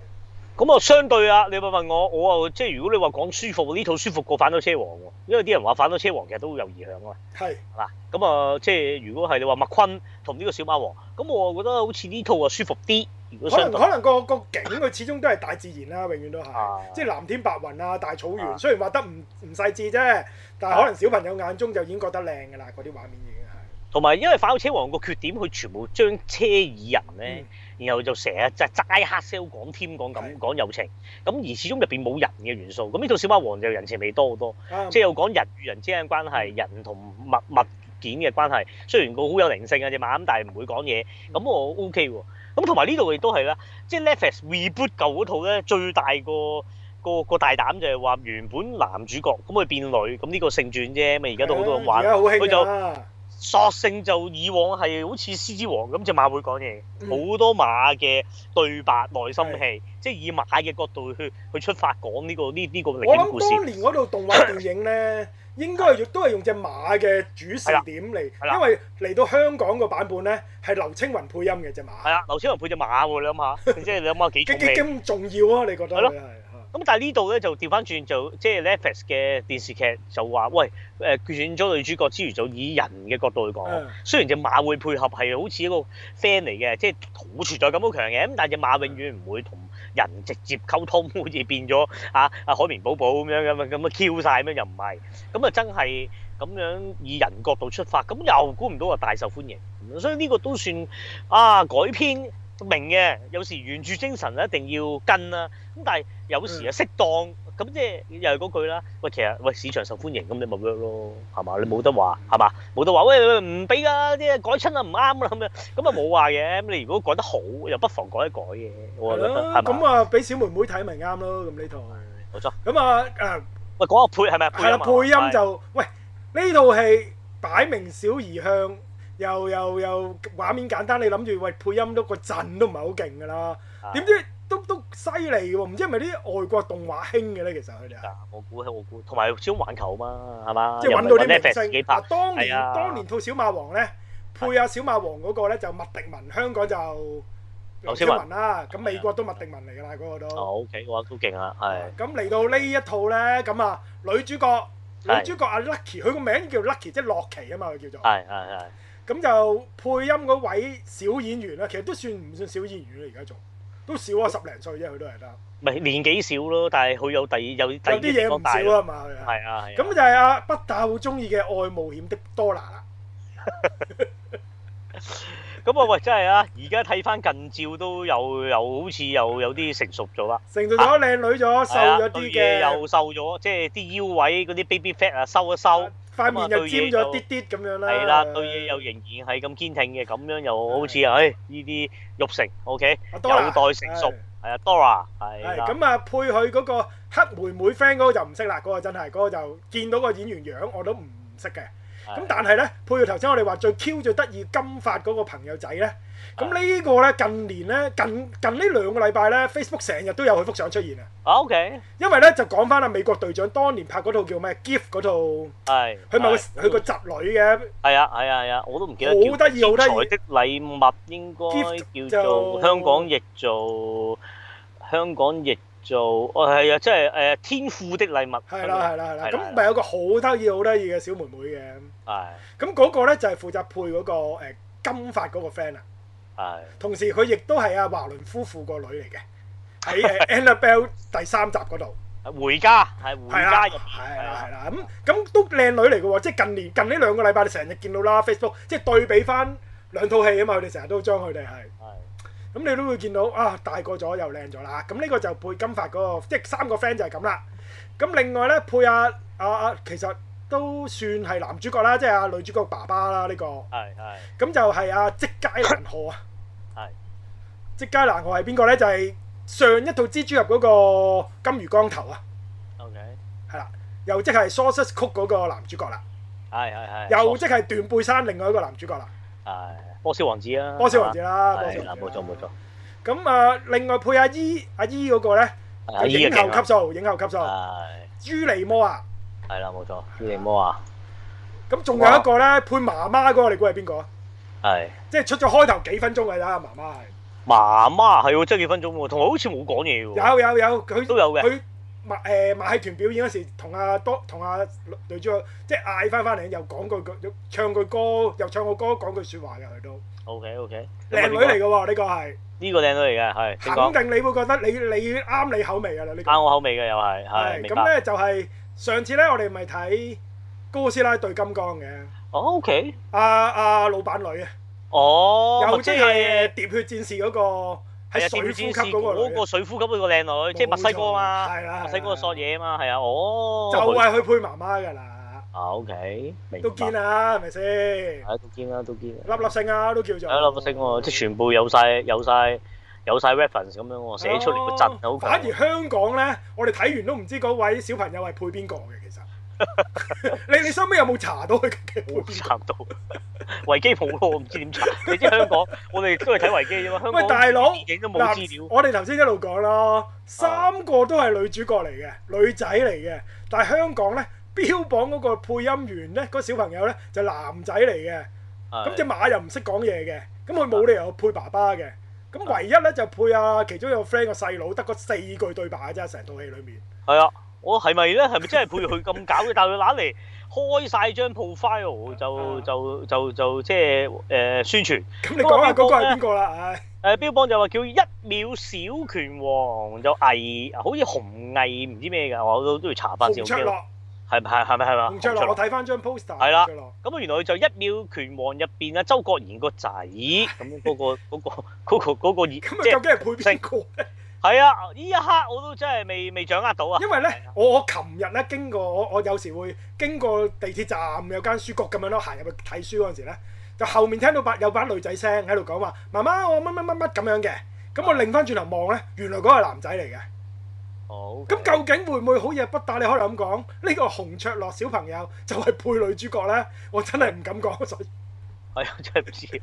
Speaker 1: 咁啊，相對啊，你咪問我，我啊，即係如果你話講舒服，呢套舒服過反斗車王喎，因為啲人話反斗車王其實都會有異響啊嘛。係是。嗱，咁啊，即係如果係你話麥昆同呢個小
Speaker 2: 馬王，咁我覺得好似呢套啊舒服啲。可能可能個個景佢始終都係大自然啦，永遠都係，啊、即係藍天白雲啊，大草原。啊、雖然畫得唔唔細緻啫，但係可能小朋友眼中就已經覺得靚㗎啦，嗰啲畫面已經
Speaker 1: 係。同埋、嗯嗯、因為反斗車王個缺點，佢全部將車擬人咧。嗯嗯然後就成日就齋黑 sell 講添，講咁講友情，咁而始終入邊冇人嘅元素。咁呢套小馬王就人情味多好多，啊、即係又講人與人之間關係，嗯、人同物物件嘅關係。雖然個好有靈性啊隻馬咁，但係唔會講嘢。咁、嗯、我 OK 喎。咁同埋呢度亦都係啦，即係 Netflix reboot 舊嗰套咧，最大個個個，個大膽就係話原本男主角咁佢變女，咁、這、呢個性轉啫，咪而家都好多人玩。而家索性就以往係好似獅子王咁隻馬會講嘢，好、嗯、多馬嘅對白內心戲，是的 即係以馬嘅角度去去出發講呢、呢個呢呢、呢個呢個歷史故事。我諗當年
Speaker 2: 嗰套動畫電影咧， [laughs] 應該係都係用隻馬嘅主視點嚟，啊、因為嚟到香港個版本咧，係劉青雲配音嘅隻馬。
Speaker 1: 係啊，劉青雲配隻馬喎，你諗下，即係 [laughs] 你諗下幾幾幾
Speaker 2: 重要啊？你覺得？
Speaker 1: 咁但係呢度咧就調翻轉，就即係、就是、Netflix 嘅電視劇就話，喂誒轉咗女主角之餘，就以人嘅角度去講。嗯、雖然隻馬會配合係好似一個 friend 嚟嘅，即係好存在感好強嘅。咁但係隻馬永遠唔會同人直接溝通，好似變咗啊啊海綿寶寶咁樣咁樣咁啊 Q 曬咁又唔係。咁啊真係咁樣以人角度出發，咁又估唔到話大受歡迎。所以呢個都算啊改編。明嘅，有時原著精神一定要跟啊。咁但係有時啊，適當咁即係又係嗰句啦。喂，其實喂市場受歡迎咁，你咪咁樣咯，係嘛？你冇得話，係嘛？冇得話，喂唔俾㗎，啲改親啊唔啱啦咁樣，咁啊冇話嘅。咁你如果你改得好，又不妨改一改嘅。係
Speaker 2: 咯，咁啊，俾小妹妹睇咪啱咯。咁呢套係，冇錯。咁啊，誒喂，講下配係咪啊？係啦，配音就喂呢套戲擺明小兒向。又又又畫面簡單，你諗住喂配音都個陣都唔係好勁㗎啦。點知都都犀利喎？唔知係咪啲外國動畫興嘅咧？其實佢哋啊，
Speaker 1: 我估係我估，同埋小環球嘛，係嘛？即係揾到啲明星。嗱，當年當
Speaker 2: 年套《小馬王》咧，配阿小馬王嗰個咧就麥迪文，香港就
Speaker 1: 劉小文啦。
Speaker 2: 咁美國都麥迪文嚟㗎啦，嗰個都。O K，嗰個都
Speaker 1: 勁啊，係。咁
Speaker 2: 嚟到呢一套咧，咁啊女主角女主角阿 Lucky，佢個名叫 Lucky，即係洛奇啊嘛，佢叫做。係係係。咁就配音嗰位小演員啦、啊，其實都算唔算小演員啦、啊？而家仲都少啊十零歲啫，佢都係得。
Speaker 1: 唔係年紀少咯，但係佢有第有第有啲嘢唔少啊嘛。係啊，咁、啊
Speaker 2: 啊、就係阿不打好中意嘅《愛冒險的多拿》啦 [laughs]
Speaker 1: [laughs] 咁啊喂，真係啊！而家睇翻近照都有有好似又有啲成熟咗啦。成熟咗，
Speaker 2: 靚女咗，瘦咗啲嘅，又
Speaker 1: 瘦咗，即係啲腰位嗰啲 baby fat 啊，收一收。
Speaker 2: 塊面又尖咗啲啲咁樣啦，係啦，對嘢、
Speaker 1: 嗯、又仍然係咁堅挺嘅，咁樣又好似係呢啲肉成，OK，有待、啊、成熟，係啊，Dora，係咁
Speaker 2: 啊，配佢嗰個黑妹妹 friend 嗰個就唔識啦，嗰、嗰個真係嗰、嗰個就見到個演員樣我都唔唔識嘅，咁但係呢，配佢頭先我哋話最 Q 最得意金髮嗰個朋友仔呢。咁呢個咧，近年咧，近近呢兩個禮拜咧，Facebook 成日都有佢幅相出現啊。啊，OK。因為咧就講翻啦，美國隊長當年拍嗰套叫咩？Gifted 嗰套。
Speaker 1: 係。佢咪個佢個
Speaker 2: 侄女嘅。
Speaker 1: 係啊係啊係啊！我都唔記得。好得意好得意嘅禮物
Speaker 2: 應該叫做，香
Speaker 1: 港譯做，香港譯做，哦，係啊，即係誒《天賦嘅禮物》，係啦
Speaker 2: 係啦係啦。咁咪有個好得意好得意嘅小妹妹嘅。係。咁嗰個咧就係負責配嗰個誒金髮嗰個 friend 啊。同時佢亦都係阿華倫夫婦個女嚟嘅，喺 Annabelle 第三集嗰度，回家
Speaker 1: 係回家，係
Speaker 2: 啦係啦，咁咁都靚女嚟嘅，即係近年近呢兩個禮拜你成日見到啦 Facebook，即係對比翻兩套戲啊嘛，佢哋成日都將佢哋係，咁你都會見到啊，大個咗又靚咗啦，咁呢個就配金髮嗰個，即係三個 friend 就係咁啦，咁另外呢配阿阿阿其實都算係男主角啦，即係阿女主角爸爸啦呢個，係係，咁就係阿積佳林浩啊。即佳男我係邊個咧？就係上一套蜘蛛俠嗰個金魚光頭啊。OK，係啦，又即係 Sources 曲嗰個男主角啦。係係
Speaker 1: 係。又即係
Speaker 2: 斷背山另外一個男主角啦。係
Speaker 1: 波斯王子啊。波斯王子啦。係。嗱，冇錯冇錯。
Speaker 2: 咁啊，另外配阿姨，阿姨嗰個咧，影後級數，影後級數。係。朱尼魔啊。係啦，冇錯。朱尼魔啊。咁仲有一個咧，配媽媽嗰個，你估係邊個啊？係。即係出咗開頭幾分鐘係啦，媽媽係。
Speaker 1: 媽媽係喎，爭幾分鐘喎，同我好似冇講嘢喎。
Speaker 2: 有有有，佢都有嘅。佢馬誒馬戲團表演嗰時，同阿多同阿女女主角，即係嗌翻翻嚟，又講句句唱句歌，又唱個歌，講句説話又嚟到。
Speaker 1: OK OK，靚女嚟嘅喎呢個係。呢個靚女嚟嘅，係。肯定
Speaker 2: 你會覺得你你啱你口味嘅啦，啱
Speaker 1: 我口味嘅又係，係咁咧
Speaker 2: 就係上次咧，我哋咪睇哥斯拉對金剛嘅。OK。阿阿老闆女啊！
Speaker 1: 哦，即係喋血戰士嗰個係水呼吸嗰個，嗰個水呼吸嗰個靚女，即係墨西哥嘛，墨西哥索嘢嘛，係啊，哦，就係佢
Speaker 2: 配媽媽㗎啦。啊，OK，都見啦，係咪先？係都見啦，都見。粒粒星啊，都叫做。係
Speaker 1: 粒粒星喎，即係全部有曬，有曬，有曬 reference 咁樣喎，寫出嚟個真。反而
Speaker 2: 香港咧，我哋睇完都唔知嗰位小朋友係配邊個嘅，其實。 [laughs] 你你身邊有冇查到佢？冇查到，維 [laughs] [laughs] 基普咯，我唔知點查。你知香港， [laughs] 我
Speaker 1: 哋都係睇維基啫嘛。喂，大佬，嗱，
Speaker 2: 我哋頭先一路講啦，三個都係女主角嚟嘅，女仔嚟嘅。但係香港咧，標榜嗰個配音員咧，個小朋友咧就男仔嚟嘅。咁隻的馬又唔識講嘢嘅，咁佢冇理由配爸爸嘅。咁唯一咧就配啊，其中個弟弟有 friend 個細佬，得嗰四句對白嘅啫，成套戲裏面。
Speaker 1: 係啊。我係咪咧？係咪、哦、真係配佢咁搞嘅？ [laughs] 但係佢攞嚟開晒張 profile 就就就就即係誒宣傳。咁、嗯、你講下嗰那個係邊個
Speaker 2: 啦？
Speaker 1: 誒標榜就話叫一秒小拳王就藝，好似洪毅唔知咩㗎，我都都要查翻少少。洪卓樂係咪係咪係咪啊？洪卓樂，我睇
Speaker 2: 翻張 poster。係啦。
Speaker 1: 咁啊，原來佢就一秒拳王入邊啊，周國賢、 [laughs] 個仔。咁、那、嗰個嗰、嗰個嗰、嗰個咁啊，究竟係配邊個 [laughs] 係啊！呢一刻我都真係未未掌握到啊！因為咧、
Speaker 2: 啊，我琴日咧經過我，我有時會經過地鐵站有間書局咁樣咯，行入去睇書嗰陣時咧，就後面聽到有把有把女仔聲喺度講話：媽媽，我乜乜乜乜咁樣嘅。咁我擰翻轉頭望咧，原來嗰個男仔嚟嘅。好、哦。咁、okay。嗯、究竟會唔會好嘢不打？你可能咁講，呢、這個紅卓樂小朋友就係配女主角咧？我真係唔敢講，所以
Speaker 1: 係啊， [laughs] 真係唔知，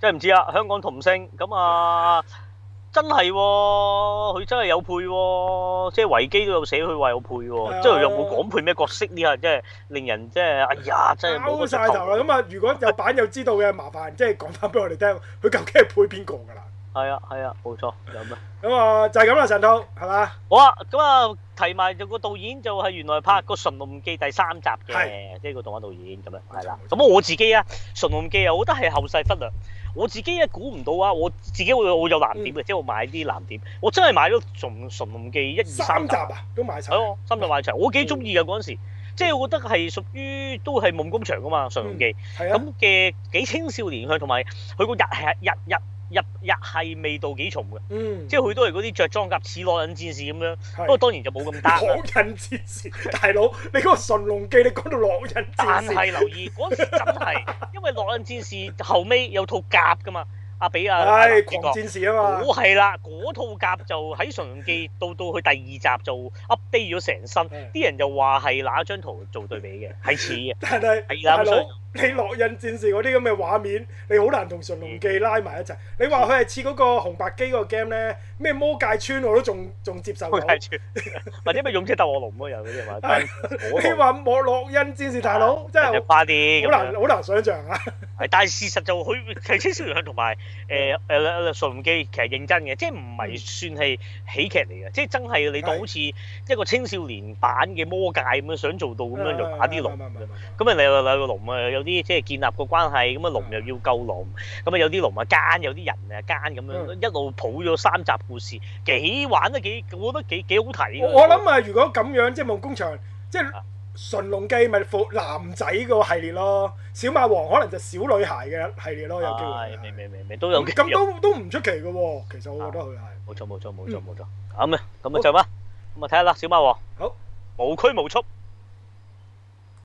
Speaker 1: 真係唔知啊！香港童星咁、嗯、啊～真係喎、哦，佢真係有配喎、哦，即係維基都有寫佢話有配喎、哦嗯，即係又冇講配咩角色呢？下真係令人即係哎呀，真係鳩曬頭
Speaker 2: 啦！咁啊，如果有版友知道嘅，麻煩即係講翻俾我哋聽，佢 [laughs] 究竟係配邊個㗎啦？係啊，係啊，冇錯，有咩咁啊？就係咁啦，神通係嘛？
Speaker 1: 好啊，咁、嗯、啊提埋就個導演就係原來拍個《馴龍記》第三集嘅，即係個動畫導演咁樣。係啦，咁我自己啊，《馴龍記》啊，我覺得係後世忽略。我自己一估唔到啊！我自己會會有藍點嘅，即係、嗯、我買啲藍點，我真係買咗仲《馴龍記》一二三集，三集啊！
Speaker 2: 都買齊。係喎，
Speaker 1: 三集買齊，我幾中意嘅嗰陣時，嗯、即係我覺得係屬於都係夢工場噶嘛，《馴龍記》咁嘅幾青少年去同埋佢個日係日日。日日係味道幾重嘅，即係好多係嗰啲着裝甲似狼人戰士咁樣，不過當然就冇咁搭啦。狼
Speaker 2: 人戰士，大佬你嗰個《馴龍記》你講到狼人，但係留意
Speaker 1: 嗰陣時真係，因為狼人戰士後尾有套甲噶嘛，阿比亞，狂戰士啊嘛，係啦，嗰套甲就喺《馴龍記》到到去第二集就 update 咗成身，啲人就話係拿張圖做對比嘅，係似嘅。但係，係
Speaker 2: 你洛印戰士嗰啲咁嘅畫面，你好難同《馴龍記》拉埋一齊。你話佢係似嗰個紅白機嗰個 game 咧，咩魔界村我都仲仲接受到。魔界
Speaker 1: 村或者咪勇者鬥惡龍啊。又
Speaker 2: 嗰啲啊嘛。你話我洛印戰士，大佬
Speaker 1: 真係好難好難想像啊。係，但係事實就佢其實青少年同埋誒誒《馴龍記》其實認真嘅，即係唔係算係喜劇嚟嘅，即係真係你當好似一個青少年版嘅魔界咁樣，想做到咁樣就打啲龍。咁啊，嚟嚟個龍啊！有啲即係建立個關係，咁啊龍又要救龍，咁啊、嗯、有啲龍啊奸，有啲人啊奸，咁樣、嗯、一路抱咗三集故事，幾玩得幾，我覺得幾幾好睇。我諗
Speaker 2: 啊，如果咁樣即係夢工場，即係《馴龍記》咪男仔個系列咯，《小馬王》可能就小女孩嘅系列咯，有機會。未
Speaker 1: 未未未都有咁都
Speaker 2: 都唔出奇嘅。其實我覺得佢係冇錯，冇錯，冇錯，
Speaker 1: 冇錯。咁啊，咁啊就啦，咁啊睇下啦，《小馬王，王》好無拘無，無束。